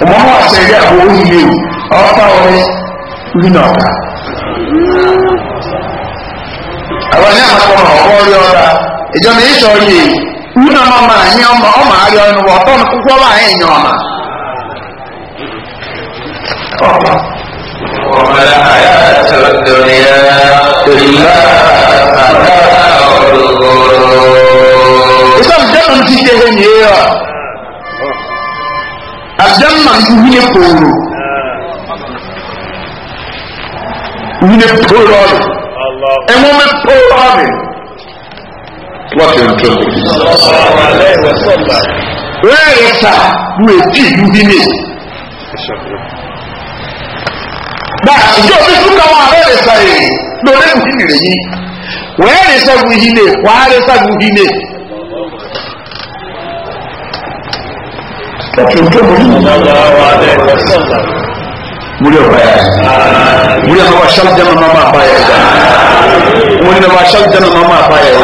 ọmọ ọmọ àṣẹyẹ àwọn oríire ọfà ọrẹ rínà ọ̀tà àwọn ní àwọn ọmọ ọkọ rí ọra ìjọ mi sọ yìí rínà ọmọ ọmọ àyìn ọmọ ọmọ àrí ọnu wọ ọtọ kúkú ọmọ àyìn ìyàn ọmọ. وما الحياة الدنيا إلا متاع الغرور. إذا بدأنا نتيجة هنا aljanna wine pooro wine pooro ɔre ɛnwome pooro ɔre wɔte ntoro wɛɛrɛ sa wo edi wine baa ìjọ omi tún ka wọn àbẹ̀rẹ̀ sa yìí lórí wine rẹ̀ yìí wẹ́ẹ̀rẹ̀ sa wine wàá rẹ̀ sa wine. kàtí tó mú yìí múlí ọba yà múlí ọba sálí jẹ́ mọ́mọ́ àbá yà múlí ọba sálí jẹ́ mọ́mọ́ àbá yà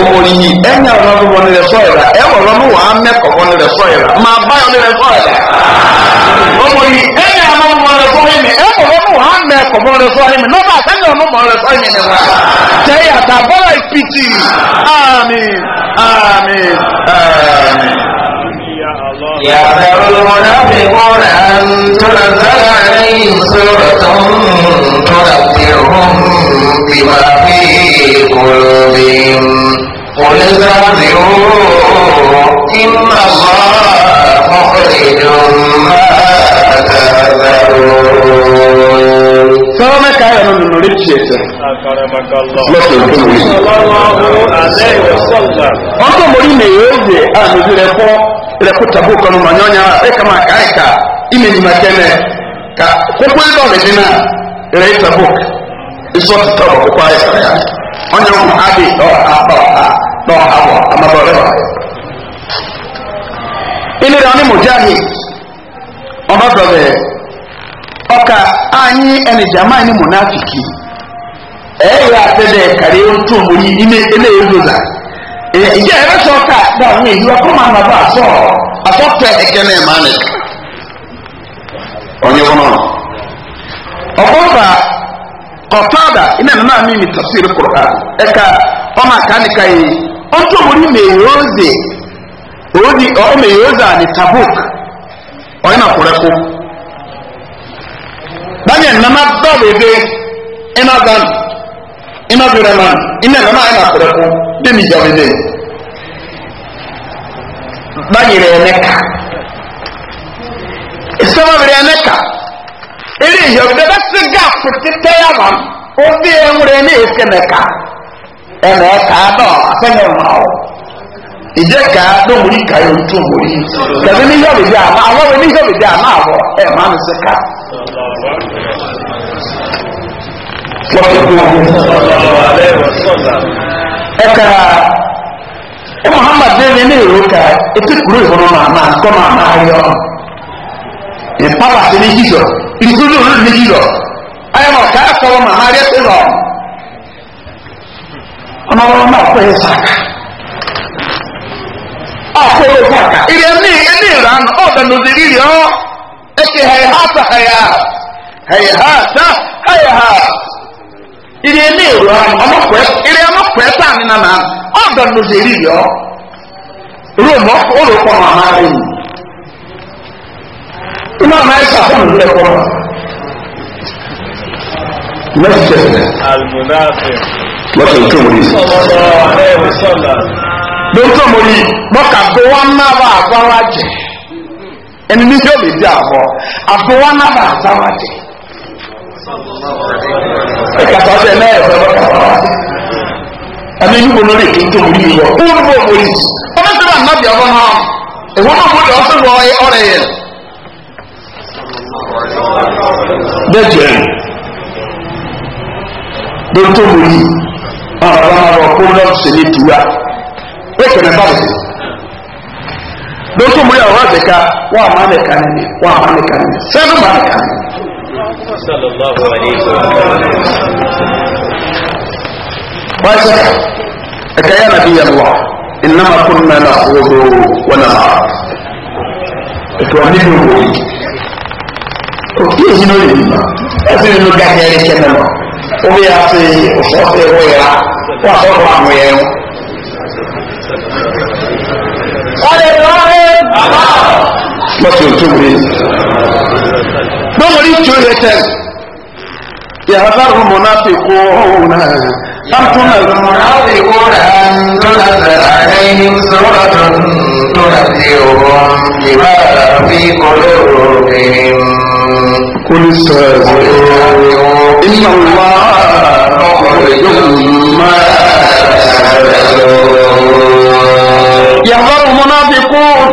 omori yi ɛnya ɔno no wɔ ne rɛ sɔɔ yɛra ɛwɔ no no wɔ amɛ kɔkɔ ne rɛ sɔɔ yɛra ma ba yɔ ne rɛ sɔɔ yɛra omori yi ɛnya ɔno no wɔ ne rɛ sɔɔ yɛra ɛwɔ no no wɔ amɛ kɔkɔ ne rɛ sɔɔ yɛra n'ɔba ɛnya ɔno wɔ ne rɛ sɔɔ yɛra ne wa tɛ yɛ ata bɔla ipiti amen amen amen. يعذر المنافقون أن تنزل عليهم سورة تنبئهم بما في قلوبهم قل استهزئوا إن الله مخرج ما تذرون فما كان من نريد شيئا lọ́sẹ̀ tó wù. ọkọ̀ mọ̀rí ni yóò jẹ́ àmì rẹ̀ fọ́ ile kutabuka no manyonya e kama ka ime ni ka kokwe ndo ne dina ile tabuka iso tabuka kwa ya onya mu abi do aba do abo amabore ba ile ra ọka anyị ẹni jama ni munafiki ẹ yà tẹ́lẹ̀ ìyá ẹ̀rọ sọ ká dà ní ìlú ọkọ máa nà bá sọ ẹkẹ náà máa nì. ọ̀nyẹ́ wọn náà ọ̀bọ̀bà ọ̀tọ́dà iná nínú àmì mi tafsir ha ẹ̀ka ọmọ àkànníkà yìí ó tó wọ́n mèyóòzè òódì ọ̀ mèyóòzè àní tabuk ọ̀yẹ́ náà kúrẹ́ kú. báyẹn ebe ima dura ma ina na maa na kura ko de mi jawe de ba yere ya neka isama bere ya neka eri yawe de ba se ga kuti te ya ma o bi e nwere ne ese neka e na e ka do asenye ma o ìjẹ́ ká lóhùn yìí ká yóò tún wòlíì kẹ̀mí ní yọ̀bì bí àmà àwọn ẹni yọ̀bì bí àmà àwọ̀ ẹ̀ máa ń sẹ́ka. ɛka muhammad ne ne ne ero ka eti kuro ifo no maa maa nkɔ maa maa ayɛ ɔno mpapa se ne jizɔ nkuru ne olu ne jizɔ ayɛ ma ɔka ɛfɔ wɔ maa maa ayɛ se lɔ ɔno wɔn na ɔkɔ yɛ saka ɔkɔ yɛ saka ɛdi ɛni ɛni ero ano ɔbɛ no de riri ɔ ɛti hɛyɛ ha ta hɛyɛ ha hɛyɛ ha ta hɛyɛ ha. ìrì ẹni èrò ọmọkùnrin sáà ní yọ màmá yìí ọmọ ẹsẹ àfọwọ́ ìlú ẹkọ lọsí tẹsílẹ. lọsí tó mọ yìí. lọsí tó mọ yìí mọkà gbowó náà bá àgbáwá ẹni níbi ó náà bá ẹ̀kàtà ọ̀sẹ̀ mẹ́ẹ̀ẹ́sẹ̀ lọ́kàtà ẹ̀mí yìí wọn lè kéńtó wòlí mi wọ kóòlù bò wòlí ọmọ sọ ma nàbì ọmọ náà èwo náà wọlé ọsẹ wọ ọrẹ yẹ. bẹ́ẹ̀ ló tó wòlí ọ̀rọ̀ náà tura tó صلى الله عليه وسلم لك يا نبي الله إنما كنا نخوض ونلعب تؤمنوا به òkìyèsí lórí ìgbà ẹsẹ nínú gàdí ẹni kẹmẹ lọ omi àti òṣòṣe owó ìra wà sọ̀rọ̀ àwọn ẹ̀rọ. wọ́n lè lọ́ọ́ rẹ̀. lọ́sọ̀ọ́ tó gbé. lọ́mọdé tó yẹ tẹ́ yàrá rúmọ̀ náà fi kó òun náà أنتم المنافقون أن تنزل عليهم سورة تنبئهم بما في قلوبهم قل استهزئوا إن الله مخرج ما يحذر المنافقون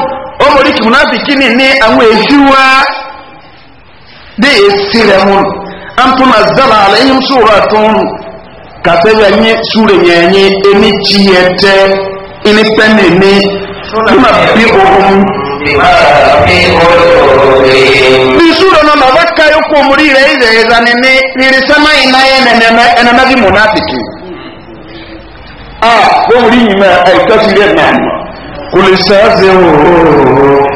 أمريك منافقين ni àwọn èjì wa dee esire hun antuna zala alayhim suratun kasebe nye sure nyenye eni chiyete ini pene ni tuna bi ohun bisuro na mabaka yoko murire ize ezanene ririsama inaye enenagi munafiki ah bo muri nyima aikasire nama kulisaze ooo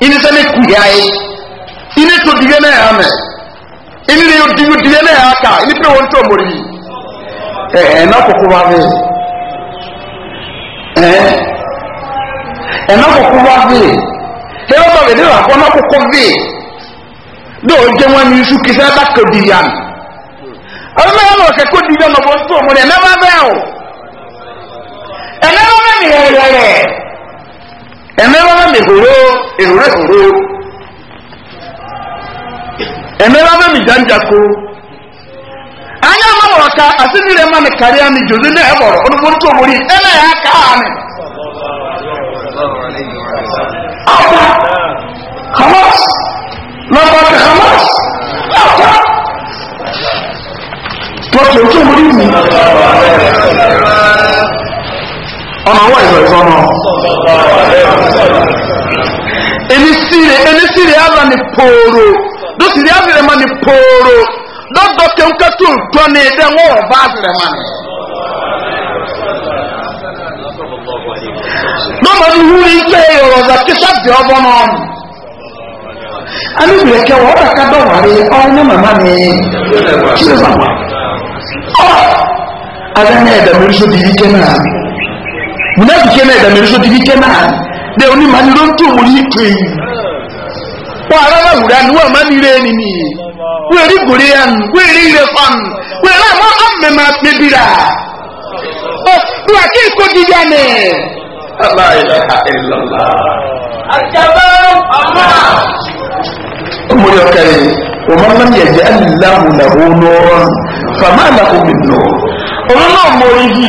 ini sɛ ne kuyae ini to diɛ ne ɛha mɛ ini ne yɛ diɛ ne ɛha ka ini pe wɔn tɔ mori yi ɛɛ ɛna koko ba bi ɛɛ ɛna koko ba bi ɛyɛ ɔba bi ne la kɔ ɛna koko bi ne o jɛ wɔn nisu kisɛ ɛba ko diya mi ɔno mɛ ɛna ɔkɛ ko diya ma bɔ tɔ mori ɛna ba bɛ o ɛna ba bɛ mi yɛrɛ yɛrɛ ẹ̀mẹ́rẹ́ bá mi hòró èhòró èhòró ẹ̀mẹ́rẹ́ bá mi jàǹjàkó anya ma wọ̀ ká àsìnìlẹ̀ má mi kárí àmì jòdì náà ẹ̀ bọ̀rọ̀ ọdún tó wọlé ẹ̀ náà yà ká Hamas lọ́ba ka Hamas ata tọ́tù tó wọlé mi ọ̀nà àwọn ìsọ̀ ìsọ̀ náà ẹni síre ẹni síre ala ni pooro do síre abirẹ ma ni pooro dọ́dọ̀ kẹ́ńkẹ́tù tọ́ ni ẹ̀dẹ́ wọn ò bá abirẹ ma ni. lọ́mọdé wúri ike ìrọ̀lọ́dà kíkọ́ bí ọbọ̀ náà nù. ani bìrẹ̀ kẹ́ wọ́n kàkà dọ̀wárí ọ̀hún ní màmá mi kí ló bá wà. ọ̀ adé ní ẹ̀dá mi ń sọ bí ike náà munafike na ẹ̀dà mẹ́rin sódìrí kẹ́ náà dẹ onímọ̀ ni ló ń tún òun yìí pé yìí wọ́n arára wùrà ni wọ́n máa ń rẹ̀ ni nìyí wọ́n rí gòrè yẹn wọ́n rí rẹ̀ fún wọ́n rà wọ́n á mẹ́mà bèbí rà ọ́ wọ́n kí n kó jíjà ni. àjàbọ̀ ọ̀ma. ọmọ yọ kẹrì ọmọ mẹ́rin yẹ jẹ́ aláwọ̀ làwọn lọ́wọ́ fàmáà làwọn mi nù ọmọ náà mọ̀ ọ́ yìí.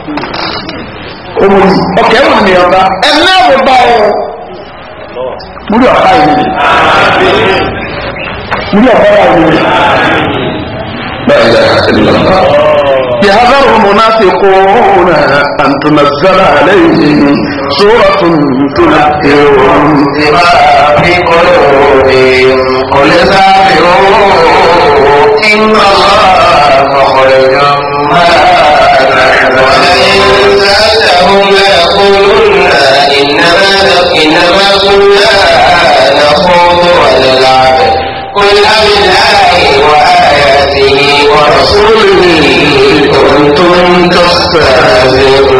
omori ọkẹ ẹwọn ni ọba ẹnẹ mi bá ọ múlí ọba yìí ni múlí ọba yìí ni يحذر المنافقون أن تنزل عليهم سورة تنبئهم بما في قلوبهم قل سافروا إن الله مخرج ما ولئن سألتهم ليقولن إنما كنا نخوض ونلعب قل أبالله وآياته ورسوله كنتم تستهزئون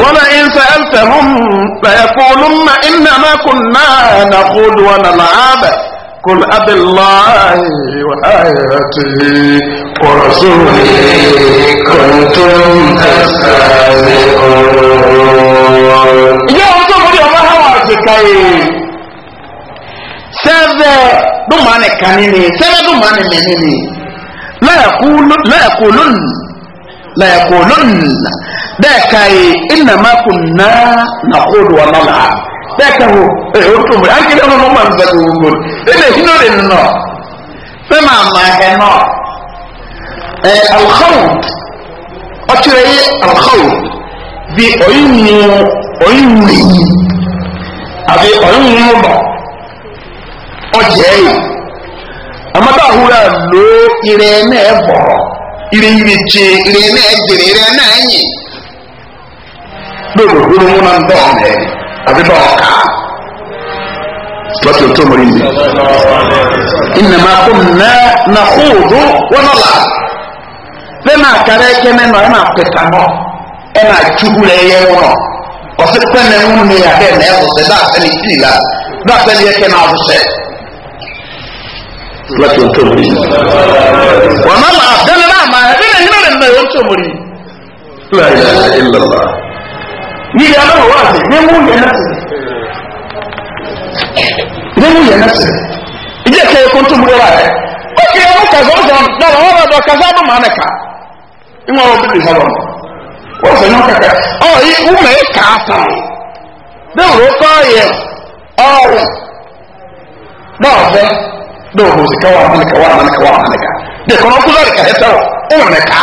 ولئن سألتهم ليقولن إنما كنا نخوض ونلعب قل أب الله وآياته ورسوله كنتم تستهزئون يا رسول الله ما هو عزكاي سبع دمان كانيني سبع منيني لا يقولن لا يقولن la yaqulunna bẹ́ẹ̀ ka ye innama kunna naqulu wa nal'a bẹ́ẹ̀ ka wo ee o tun bɛ an kelen kɔnɔ ma nsa ko wo ee ne hinɛ de nɔ fɛn maa maa hɛ nɔ ɛɛ alhaw ɔtire ye alhaw bi oyi mu oyi wuli abi oyi mu lɔ ɔjɛ ye amadu ahura lo ire ne bɔrɔ ireyire tse ire náà dèrè rẹ náà yìn lóòrò gbóló wọn náà ń bọ̀ ọ̀nà ẹ̀ àbí bọ̀ ọ̀ka lọ́tò tó mọ̀ yìí ìnàmà kò nà nà kóòdù wọn là lẹ́nà àkàrà ẹ̀kẹ́ mẹ́nà ẹ̀ náà pẹ̀tà mọ́ ẹ̀ náà tsugu rẹ̀ yẹ wọn ọ̀sẹ̀ pẹ́ẹ́nẹ̀ ń mi àbẹ̀ nà ẹ̀ ọ̀sẹ̀ dá àfẹ́ni tì la dá àfẹ́ni ẹ̀kẹ́ náà ọ̀sẹ̀ lọ́tò tó mọ̀ yìí wọn náà là na yɔn tó mori. láyé ilàlá. yìí yà náà wá sí ní mú yẹn náà sí. ní mú yẹn náà sí. ìdí ẹ̀ka yẹ kó tó mori wá rẹ̀. ó kì í ọmọ kàzọ́ sàn dára wọn bá dọ̀ kàzọ́ àbọ̀ màá nìka. ìwọ wọn bí bìí sábà wọ́n sọ yẹn kẹkẹ ọ yìí wúmọ̀ yìí kà á sàn. bí wọ́n kọ́ yẹ ọ̀rọ̀ náà fẹ́ dọ̀wọ̀ sì káwá àmàlẹ́kà wà àmàlẹ́kà wà àmàlẹ́kà. dèkọ̀nà kúzọ̀rì kà ẹ sẹ́wọ̀ ó mọ̀ nìka.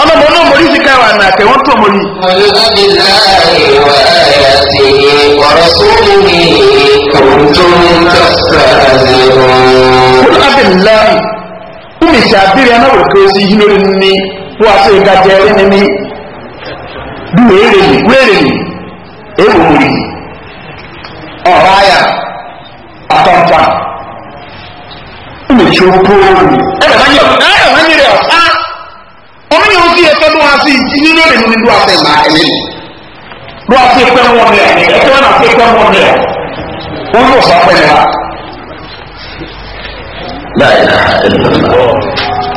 ọmọ mọ̀ náà mọ̀rí síkà wà náà kẹwọ́n tó mọ̀rí. Kúlù abìláì, kúmi sí abìrì anáwó kó sí ihi lórí ní wọ́n aṣọ ní bí ní ní mọ̀rí. Ọ̀rọ̀ Ẹ̀rọ ẹ̀rọ ní o sì ẹ̀fẹ́ dùn àti ìdílé náà nínú ní dùn àti ẹ̀mà ẹ̀mí dùn àti ẹ̀fẹ́ wọn lẹ̀ ẹ̀fẹ́ na àti ẹ̀fẹ́ wọn lẹ̀ wọn yóò sọ pẹ̀lú wa.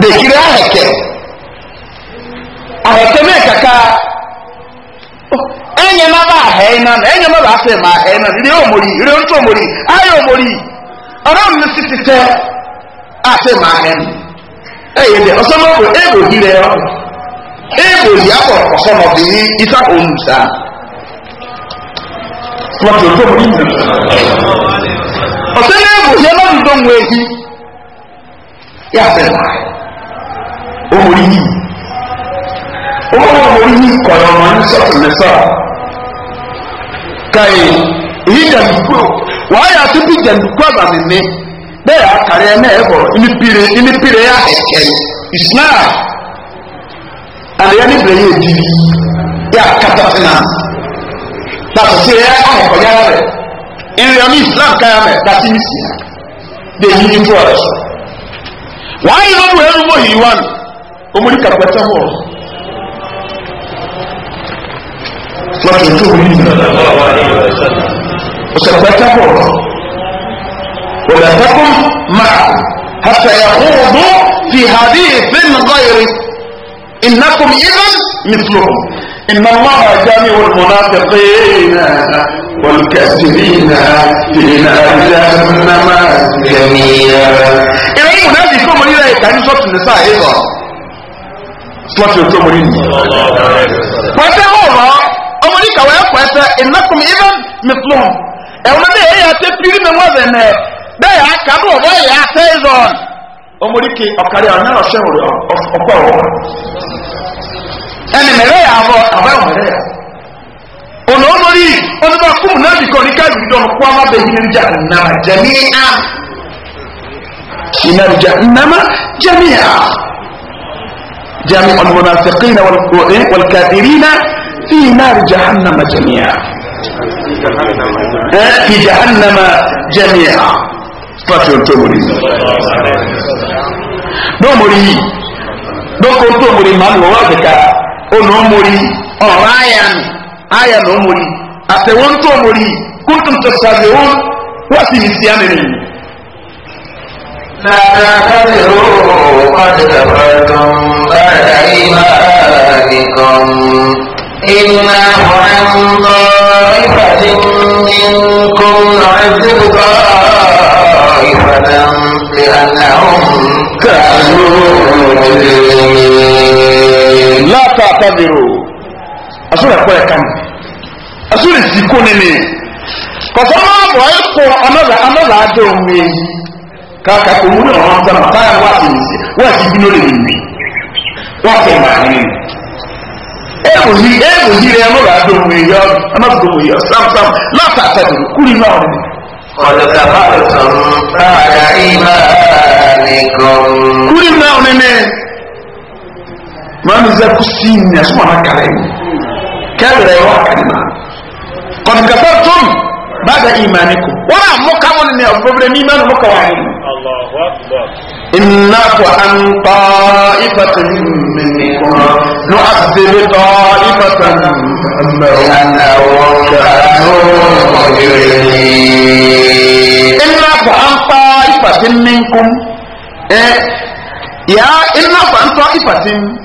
Dèkìrì ahẹ̀kẹ́ ahẹ̀kẹ́ mẹ́ kàkà ẹ̀yẹ má bá ahẹ́ iná nà ẹ̀yẹ má bá fẹ́ mà ahẹ́ iná nà ilé òmòrì ilé ntú òmòrì ayé òmòrì ọ̀rọ̀ mi eboli akɔrɔ kɔsɔ na of yi isa onu saa lɔtɔ tó mu yi ɔsɛ ne eboli ɛna dodo mu ehi yasɛ lai omori yi omori omori yi kɔyɔ ma ne sɔ tɛmɛ sɔ kae eyi jandukuro wàá yà tó bi jandukuro abami mi pire pire islam. àríyá ní ìbìlẹ̀ yóò di yà kàtàkìnà láti ṣe ẹ àkọ́kọ́ yára rẹ̀ ìrìn àmì islam káyà mẹ́ láti ní sí de yí ní fún ọ̀rẹ́ wàá yìí lọ́dún ẹrú mọ́ yìí wá ní omori kàpẹ́ tẹ́ wọ̀ lọ́sẹ̀ tó wù yìí ọ̀sẹ̀ pẹ́ tẹ́ wọ̀ ọ̀lẹ́tẹ́kùn máa hàtẹ̀yà kúrò bó fi hàdí ìfẹ́ nǹkan yẹrẹ. إنكم إذا مثلهم إن الله جامع المنافقين والكافرين في نار جهنم جميعا إذا المنافقون من إذا يتعني صوت النساء أيضا صوت التمرين وتقول أمريكا ويقول إنكم إذا مثلهم أولا دي هي تبيري من وزن دي أكبر ويأتي أيضا أمريكي أكاري أنا أشعر أكبر ẹni mẹrẹ yà bọ àbá mẹrẹ yà ọ̀nà ọmọdé ọdúnbà fún náà bìkọ́ ní káàkiri dọ́nù kó ọmọ bẹ yìí jà nàmà jẹmí à iná jà nàmà jẹmí à jẹmí ọ̀nàmọ̀nà àfẹ́kẹ́ iná wọ̀lkàdìrí iná fi iná jà nàmà jẹmí à fi jà nàmà jẹmí à fàtí o tó wòlé dọ́mọ̀rì yìí dọ́kọ̀ tó wòlé màá lọ́wọ́ àgbẹ̀ká ono omori ọ̀rọ̀ aya nù aya nà omori àtẹ̀wọ́n tó omori kúntùn tó sàbẹ̀ wọn wọ́n sì ní sí àmì nìyí. Lára kábẹ̀ ó pàdé kàfàtàn bára ìmá nìkan. Iná ọ̀rẹ́ńdọ́ ìpàdé nìkan ọ̀rẹ́dẹ́ bọ́ ìpàdé ànáhùn kàlú òjò. láta àtàdérò asúlẹ̀ kọ́ ẹ̀ kàn mí asúlẹ̀ sì kú ni mi kọ̀sọ́ máa bọ̀ ẹ́ kọ́ adé omi táyà sí rẹ̀ adé omi adé omi láta àtàdérò kúrì náà Ọ̀dọ̀dà bá maame sɛ kusiinya so wana kare kɛbrɛ wa kanna kɔn kasar tum bada imani ko wala muka mun ne problem mi man muka wa ni Allahu akbar inna wa an ta'ifatan minkum nu'adhibu ta'ifatan anna wa kanu mujrimin inna wa an ta'ifatan minkum eh ya inna wa an ta'ifatan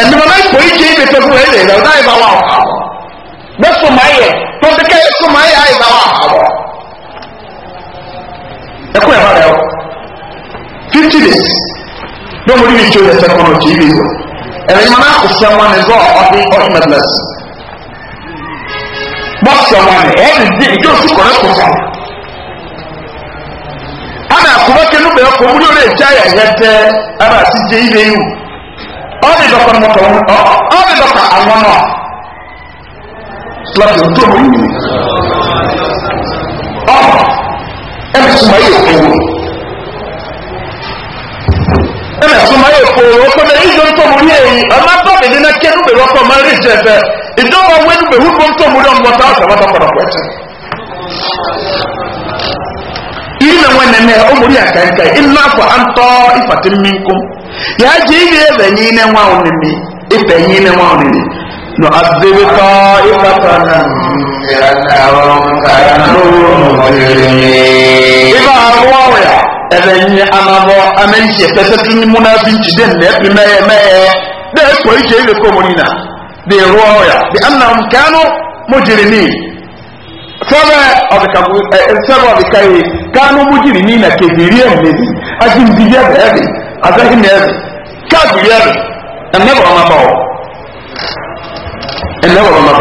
ẹnìmọ̀ náà kò í ṣe ibi tó fún ẹ̀dẹ̀ ẹ̀dá ọ̀dá ìbá wa ọ̀hà bẹ́ sọmáyẹ tó ti kẹ́ sọmáyẹ àìbá wa ọ̀hà ẹkọ ẹ̀ bá rẹ̀ ọ́ fifty days ló mú níbi ìṣòro ẹ̀sẹ̀ kan lọ́tì ibi ìwọ̀ ẹ̀rìnmọ̀ náà kò sẹ́ wọn ẹ̀zọ́ ọdí ọdún ẹ̀dẹ̀lẹ̀s bọ́ọ̀sì ọmọ rẹ̀ ẹ̀ ẹ̀ ẹ̀ ìjọ oṣù kọ̀rẹ́ kò fà á nà kó bá tẹnu bẹ̀rẹ̀ kó mú ní orí ìjà yà yẹ tẹ́ ẹ̀ bá ti dé Ọ dɔ kɔnɔ ọ ɔdi e e dɔ ka awɔ nɔ filati o tó mɔmu yi ɔ ɛmɛ suma yi okowo ɛmɛ suma yi okowo ɔkɔmɛ idzo ntɔmu yi eyi ɔma tɔ mi dina kɛ nubɛ wɔkɔ ɔma ri jɛ fɛ idɔwɔ na Ya yaje ibirebe nyine nwa onini ife nyine nwa onini no azibika ifatana iba abuwa ya ebe nye anabo amenje pese tuni munafinci na ebi meye meye na ko ije ile ko monina de ya bi annahum kanu mujrimin sọ́bẹ̀ ọ̀bìkàwé kánú mújìrì ní ìnà kejì rí ẹ̀mí àti asɛnke na ɛbi kaadu yɛ bi ɛnɛ bɔ ɔma ba wɔ ɛnɛ bɔ ɔma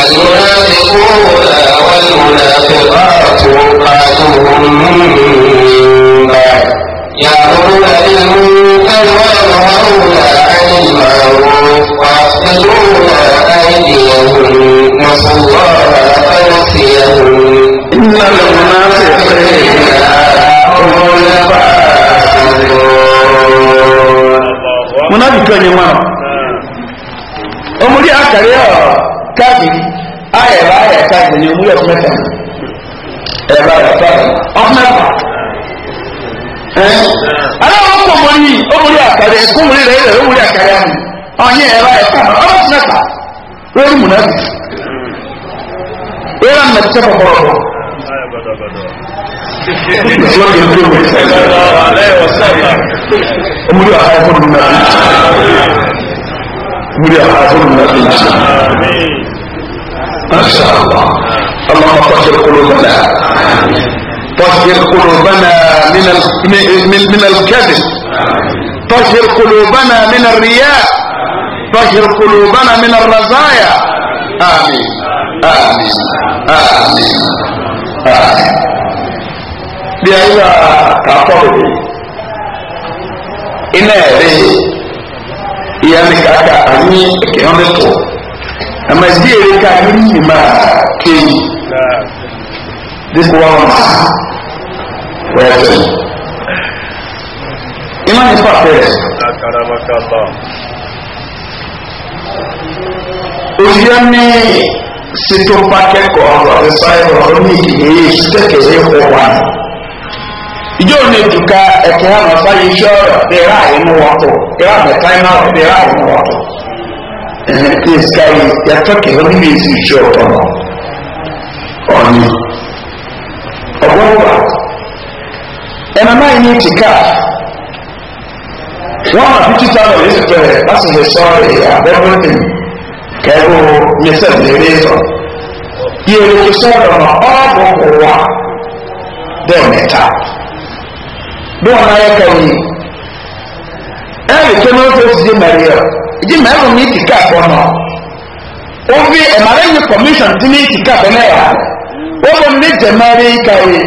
المنافقون والمنافقات قاتلهم من بعد يأمرون بالمنكر وينهون عن المعروف ويقتلون أيديهم نسوا الله فنسيهم إن المنافقين هم الفاسقون munafiki onye mwana omuli akari ọ kabiri ayẹba ayẹta ìgbẹ̀ni omuli ọkọ mẹta ẹba ayẹta ọkọ mẹta aláwọ ọkọ mọlì omuli akari kọmuli rẹ rẹ omuli akari ahụ ọnyẹ ẹba ayẹta ọkọ mẹta lórí munafiki lórí amẹtẹ kọkọrọ kọkọrọ. أبدا أبدا الله يذكرك صلى الله عليه وسلم مريع حافظ النبي مريع حافظ النبي ما شاء الله اللهم طهر قلوبنا طهر قلوبنا من ال... من من الكذب طهر قلوبنا من الرياء طهر قلوبنا من الرزايا آمين آمين آمين, آمين. bí ẹni náà kakọ bèbè iná ẹ̀rí ìyá mi kàkà àní ẹ̀kẹ́ ọ̀nà tó ẹ̀mọ ẹ̀dí èrè ká ní ìmọ̀ kéyì dípò wọn wọ́n yẹ tó ìmọ̀ nípa fẹ́rẹ̀. òṣìṣẹ́ ní sito pakẹkọ ọlọrin sáyẹn ọlọrin ìkìlẹ yìí kẹkẹrẹ ọwà ìjọ òní dùkà ẹkẹ hàn sáyẹ iṣẹ ọrọ bẹrẹ àyẹnú wọtọ bẹrẹ àbẹtà iná bẹrẹ àyẹnú wọtọ ẹhẹn ìsìkà yìí yàtọ kẹrẹ níbi èsì iṣẹ ọtọ náà ọni ọgbọnwa ẹnà náà yìí ti ká wọn àbí títà lọ yìí ti bẹrẹ láti lè sọ ẹ abẹ́rẹ́ nìyí kẹ́rù mísẹ̀ lérí sọ yẹ̀rù sọ̀rọ̀ mà ọ̀bù kùwà dẹ̀ mẹ́ta bí wọn ayẹ kẹ́rù yìí ẹ̀rù tó ní oṣù tí mẹ́rì ọ̀ ìdí mẹ́rù ní ìtìká ẹ̀kọ́ náà ó fi ẹ̀mọ́lẹ́yìn commission tí ní ìtìká ẹ̀kọ́ náà yà ó lọ ní jẹ̀mẹ́rì kẹ́rù yìí.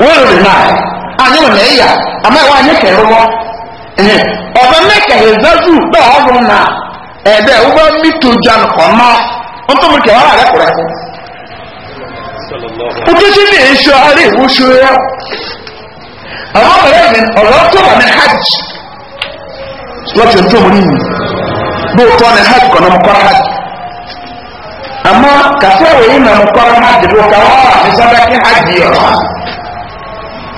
wọ́n rìn náà àní wọn lẹ́yà àmọ́ ìwọ àní kẹrù wọn ọ̀bẹ mẹ́kẹ̀ ìzọ́jú bẹ́ẹ̀ ọ̀run náà ẹ̀ẹ́dẹ́ ọgbà mítò jan ọ̀nà ntọ́mu kẹwàá rà lẹ́kọ̀ọ́ rẹ̀ ojúṣe ní èso ara ìwú àwọn ọ̀rẹ́ mi ọ̀rọ̀ tó wà ní hajj ní hajj kọ̀ àmọ́ kàfẹ́ hajj àfisàdá kí hajj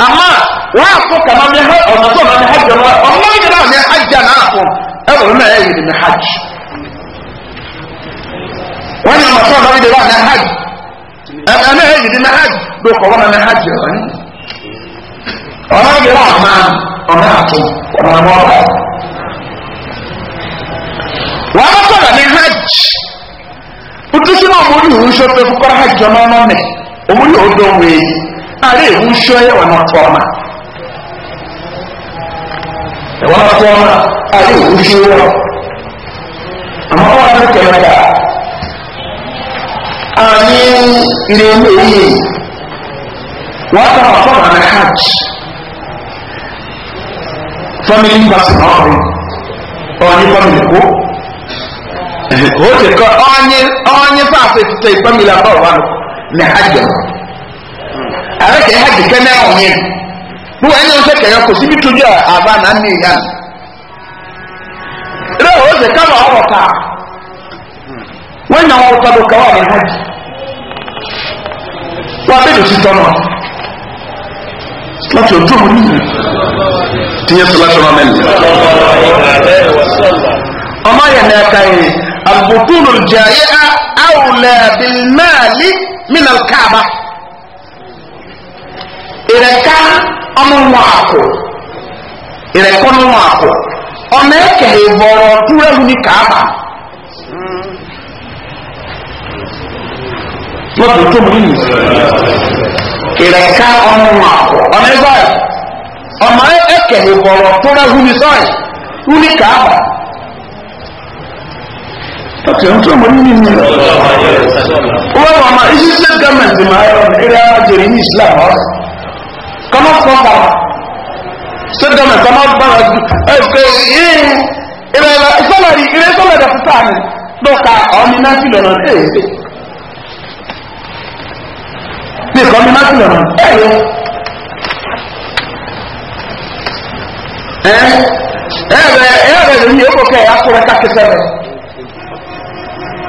ama wọn afọ kama mi ha ọmọ tó ọmọ mi hajj ọmọ mi na afu ẹwọ mi na ẹ mi hajj wọn yẹ ọmọ tó mi mi hajj ẹ na ẹ yẹ mi hajj do kọ wọn na mi hajj ọmọ na mi hajj kutu sinna ọmọ yi hajj ale ewu sọ yẹ wọn ọtọ ọma wọn ọtọ ọma ale ewu sọ yẹ wọn àmọ wọn ọdún kẹlẹ ká anyị ilé ẹgbẹ yìí wọn aka ọtọ ọma na hajj family gbasi na ọkọ ọnyị family kú o ti kọ ọnyị ọnyị fàáfẹ tètè family abọ wa na hajj ọmọ. ara kɛ ha di kɛnɛ ɔnyɛ mo wɔ nsɛ kɛnɛ kò síbi tó dza ava nà ní ìyá rẹ o ṣe kama ɔwɔ ta wọn nyà ta do kama ɔwɔ ha di wọn bɛ do tiɲɛ mɛ ìrẹ̀ka ọmọnwó àkó ìrẹ̀ka ọmọnwó àkó ọmọ ẹ̀kẹ́ ìbọ̀rọ̀ túrẹ́lù ní kàába lọ́dún tó mú nìyí ìrẹ̀ka ọmọnwó àkó ọmọ ẹ̀gbọ́n ọmọ ẹ̀kẹ́ ìbọ̀rọ̀ túrẹ́lù ní sọ́ọ̀yì wú ní kàába ọtí ọ̀n tó mọ̀rí ní ìlú wọ́n wọ́n ma iṣẹ́ state government ma ẹ̀rọ ìrẹ́ àjẹrí ní islam ọ̀sán kama fɔ bara sɛdɛmɛ kama bara ɛɛ ee ire la sɔlɔri ire sɔlɔ de sisan ni dɔw ka ɔmi na ti lɔnà ee ne kɔ mi na ti lɔnà ee ɛɛ ɛɛ bɛ ɛɛ bɛ lori eko kɛ ya kura ka kisɛ bɛ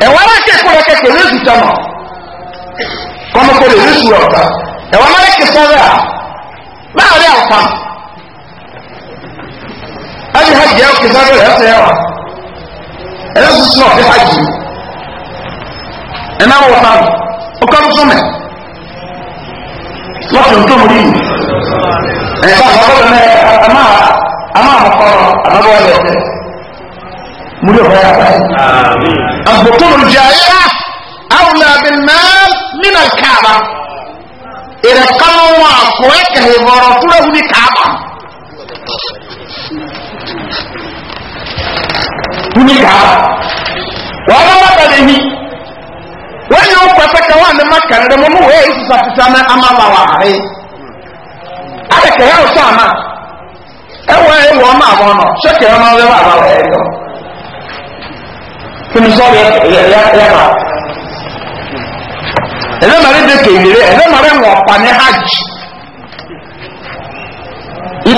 ɛwara kɛ kura kɛ kɛ lezu tɛ ma kɔmɔkɔ le lezu yɛ ɔta ɛwara kɛ kisɛ bɛ a láàrin àpá ẹni hajj ẹ kò sáré rẹ ẹsẹ ẹwà ẹni sísun ọdẹ hajj ẹni àwọn ọ̀tá ọkọ tuntun mẹ lọ́tọ̀ tó mú yìí ẹ̀yìn bá àwọn ọ̀rọ̀ náà ẹ máa àmọ́ àmọ́kọ́ àbábọ́ ẹ̀ ẹ̀ mú yóò fẹ́ yàrá yìí àgbòtò olùjẹ́ ayé àwọn ọ̀làbìn náà nínú àkàrà ìrẹ̀kọ́ ọ̀kọ̀wé kẹ̀hẹ̀ bọ̀rọ̀ fúnra wù ní kàábà wù ní kàábà wọ́n bá bàtà lè ní wọ́n yóò pẹ̀pẹ́ kẹwàá ní makara rẹ̀ mọ́mú wọ́n yóò sísá sísá ní amába wà rẹ̀ àtẹ̀kẹ̀ yà ọ̀sọ́ ya ya ya ya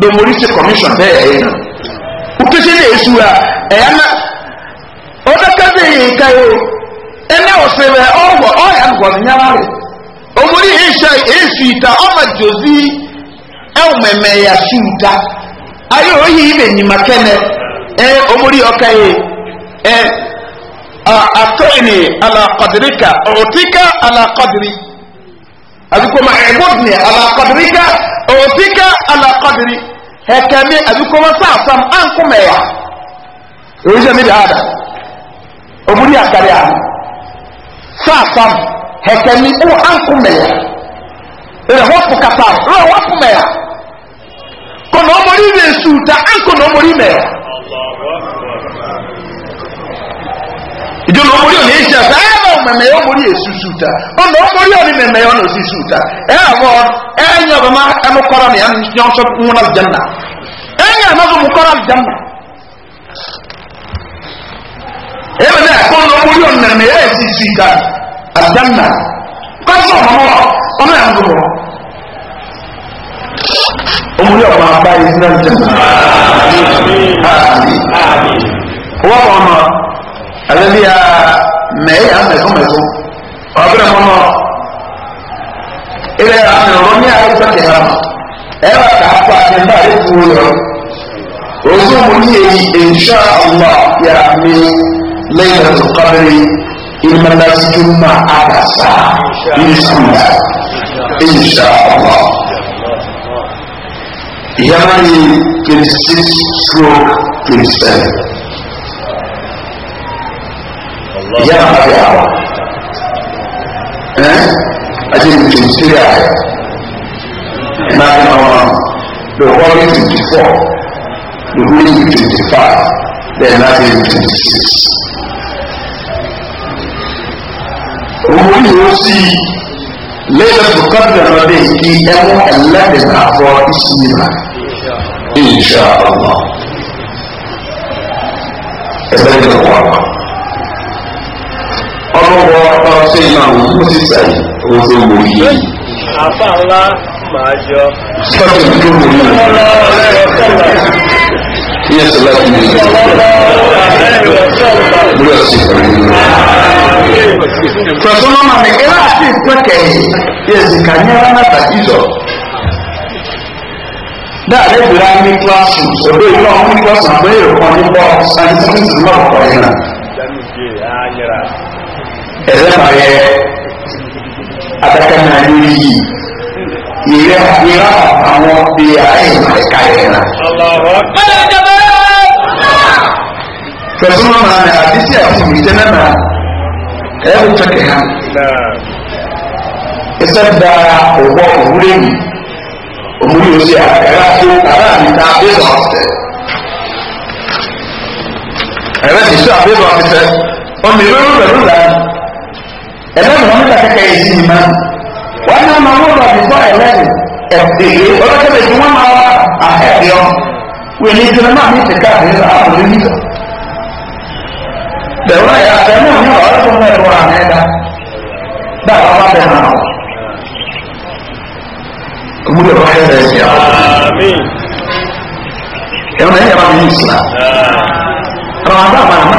domori se commission bɛ yɛ yɛ o kese ne esu a ɛyɛ na ɔda kase yi ka yi ɛnɛ ɔsɛ bɛ ɔwɔ ɔyɛ agbɔn nyara rɛ omori esu esu ta ɔma dzozi ɛwɔ mɛmɛ ya su ta ayi oyi yi nyima kɛnɛ ɛ omori ɔka yi ɛ akɔyini ala kɔdiri ka ɔtika ala kɔdiri a bi ɛgbɔdini eh, ala kɔdiri ka òsíkà alakadiri hẹkẹmi àdúkọwọ sàásàm ànkùmẹyà òwúṣẹ mi dàda òmùdí àkàrí àná sàásàm hẹkẹmi wọ ànkùmẹyà ìrẹwọ fúkàtà ìrẹwọ fúmẹyà kọnà ọmọdé rẹ sùúta ànkùnà ọmọdé mẹyà. ìjọba ọmọdé ò ní í ṣe ẹsẹ mẹmẹ yọ mori esu suta ọnà ọmọri ọni mẹmẹ yọ n'osi suta ẹ àwọ ẹ nyẹ ọbẹ ma ẹnu kọrọ ni ẹnu nyọ nsọ nwuna aljanna ẹ nyẹ ẹnu ọbẹ mu kọrọ aljanna ẹ mẹmẹ ẹkọ ọnà ọmọri ọni mẹmẹ yọ esi suta aljanna kọsọ ọmọ wọn ọmọ yẹn ń dùn ọmọri ọmọ abayi sinna aljanna wọ́n mọ̀ ọ́ alẹ́ bí i mẹ́ẹ̀ yà mẹ́sọ́ mẹ́sọ́ ọ̀bẹ̀rẹ̀ mọ́nà ilẹ̀ àmì ọ̀rọ̀ ní àyíká ti hàn ẹ̀ wà ká fà ní bá yẹ kú lọ ojú mu ní èyí insha allah yà mí lẹ́yìn ẹ̀sùn kábẹ́rẹ́ ìmọ̀lẹ́sì tó má àbàṣà ní sùnà insha allah yàrá yìí twenty six stroke twenty seven ìyá bàbá fi àwọn ẹ́ àti twenty three ààrẹ ẹ̀nà àti màmá the following twenty four the following twenty five then láti twenty six. owó ni ó sì lẹ́yìn tó kábíyà náà dé kí ẹ̀wọ̀n ẹ̀lẹ́dẹ̀ẹ́ta fọ ìsinmi insha Allah. ẹ̀sẹ̀ ìjọba wà ọlọ́wọ́ ọlọ́sẹ̀ ìmọ̀ àwọn tó ti sẹ̀ owó tó ń borí yìí. àfa ńlá màá jọ. sọ́ọ̀tì tó ń borí yìí. yíyá sọlá ti ní ìlú. bí wọ́n sì fẹ́ yín. Tọ́sọ́nà máa mi kí láti pẹ́kẹ̀ yìí yẹ zika nyẹ́rẹ́ náà tàbí zọ. Dáadé bìrá ní kíláàsì òdo ìlú àwọn kíláàsì àgbẹ̀yẹ̀ kan ní bọ́ọ̀ sáyẹ́nsì ní ìlú ọ̀pọ̀ yìí náà ɛlɛmayɛ adaka na ni yi yìí yìí àwọn bí i ayé ìmàlẹ́ka yẹn na. fẹ̀sùn náà nà àdísí àfún ìjẹ́nà nà ẹ̀ ń tẹ̀kẹ̀ hàn. ẹsẹ̀ da ọ̀wọ́ òwúrẹ́ yìí òmùrí òsì àkàrà tó àrà mi ta àbẹ̀bọ̀ ọ̀sẹ̀. ẹ̀rẹ́ ti sọ àbẹ̀bọ̀ ọ̀sẹ̀ ọmọ ìlú rẹ̀ ló là ní ẹ̀rọ ìwọ̀nmọ́ta kẹ́kẹ́ yìí sí ma wọ́n náà máa wọ́n bá bíbọ́ ẹ̀lẹ́sìn ẹ̀dẹ̀ yìí ọlọ́kẹ́lẹ̀ tí wọ́n máa wá àhẹ́ẹ̀dẹ̀ ọ́ wọ́n ní jẹ́ máa ní ìtẹ̀ká àbẹ̀rẹ̀ àbọ̀rẹ̀ níta bẹ̀rù ẹ̀yà àtẹ̀mú ní ọ̀rọ̀ tó mẹ́rin wọ́n àná ẹ̀dá dáàbà wá bẹ̀ náà ọmọdé wọ́n ayé rẹ̀ sí àwọn ẹ̀rọ ẹ̀yà bá mi ní ìsìlá ọ̀rọ̀ àbá àbá àmà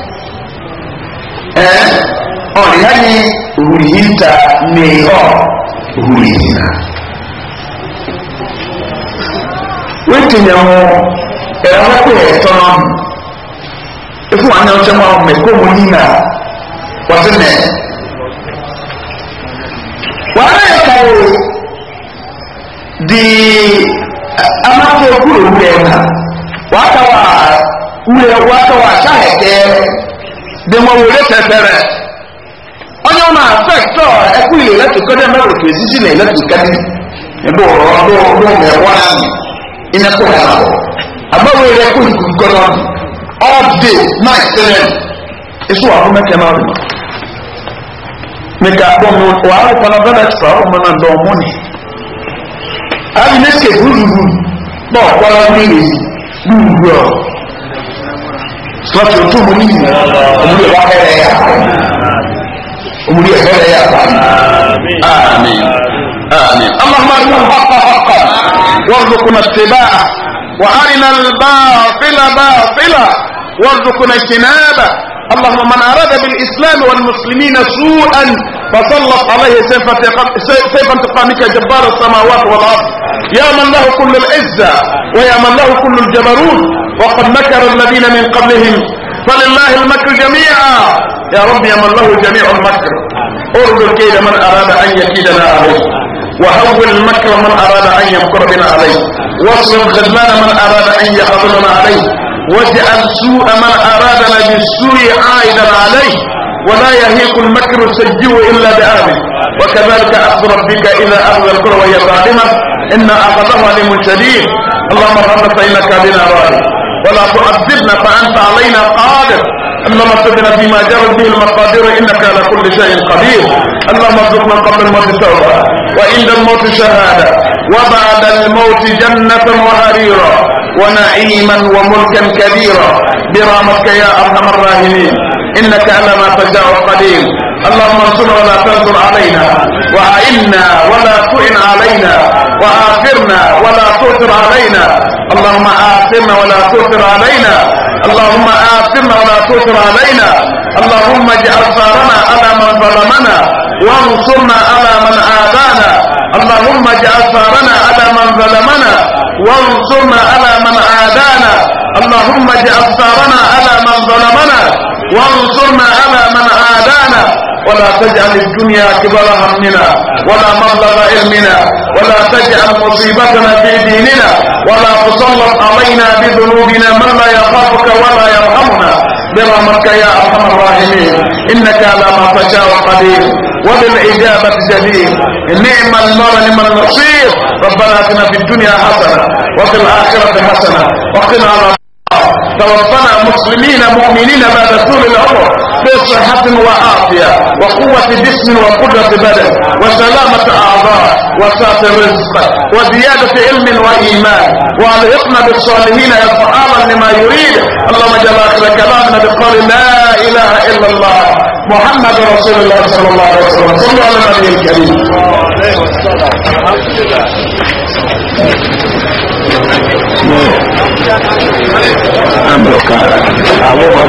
Ọ yá ni rùhìntà mẹ́ọ̀ rùhìnà wẹ́tìnyẹ̀ hù ẹ̀rọ pẹ̀ ẹ̀tọ́ efu wọn náà tẹ́ wọn mẹ́kọ́ mu ní nà wọ́n ti mẹ́ wọ́n á yẹ ká o di amáfẹ́ kúrò wúlẹ̀ náà wọ́n dị nwa were onye ọ na-afektọ ekwu ile eletrikọdị ka ezizi na eletrikọdị ebe ụrụ ọdụ ụdụ na anyị imekọ ya ahụ agbanwere ekwu nkụkọrọ all ahụ meke na ọdụ meka akpọ m ụwa na ọmụ na ndị ọmụnị na-esi na mmiri n'ugwu ọrụ sọ́ọ̀tì tó mú ní ìlú òmùdí ọ̀wá fẹ́rẹ̀ yà òmùdí ọ̀fẹ́rẹ̀ yà bá mi. ami ami amahama ni wọn bá kọ́ wọn lukuna tibá wa arina baafila baafila wọn lukuna kinaba allahumma man arada bil islam wal muslimina su'an. فسلط عليه سيفا سيفا تقامك جبار السماوات والارض يا من له كل العزه ويا من له كل الجبروت وقد مكر الذين من قبلهم فلله المكر جميعا يا رب يا من له جميع المكر ارزق كيد من اراد ان يكيدنا عليه وهول المكر من اراد ان يمكر بنا عليه واصرف خذلان من اراد ان يخذلنا عليه واجعل سوء من ارادنا بالسوء عائدا عليه ولا يهيق المكر السيء إلا بأهله وكذلك أخذ ربك إذا أخذ القرى وهي ظالمة إن أخذها لم شديد اللهم ارحمنا فإنك بنا غالب ولا تعذبنا فأنت علينا قادر اللهم ارزقنا فيما جرت به المقادير إنك على كل شيء قدير اللهم ارزقنا قبل الموت توبة وعند الموت شهادة وبعد الموت جنة وهريرا ونعيما وملكا كبيرا برحمتك يا أرحم الراحمين إنك على ما تشاء قدير اللهم انصر ولا تنصر علينا وعنا ولا تؤن علينا وآثرنا ولا تؤثر علينا اللهم آثرنا ولا تؤثر علينا اللهم آثمنا ولا تؤثر علينا اللهم اجعل ثارنا على من ظلمنا وانصرنا على من آذانا اللهم اجعل ثارنا على من ظلمنا وانصرنا على من آذانا اللهم اجعل ثارنا على من ظلمنا وانصرنا على من آذانا ولا تجعل الدنيا كبر همنا ولا مبلغ علمنا ولا تجعل مصيبتنا في ديننا ولا تسلط علينا بذنوبنا من لا يخافك ولا يرحمنا برحمتك يا ارحم الراحمين انك على ما تشاء قدير وبالاجابه جدير نعم المرء لمن نعم النصير ربنا اتنا في الدنيا حسنه وفي الاخره حسنه وقنا على توفنا مسلمين مؤمنين بعد طول العمر بصحة وعافية وقوة جسم وقدرة بدن وسلامة أعضاء وسعة رزق وزيادة علم وإيمان وألحقنا بالصالحين يفعالا لما يريد اللهم جل آخر كلامنا بقول لا إله إلا الله محمد رسول الله صلى الله عليه وسلم صلى الله على النبي الكريم عليه وسلم Ambos,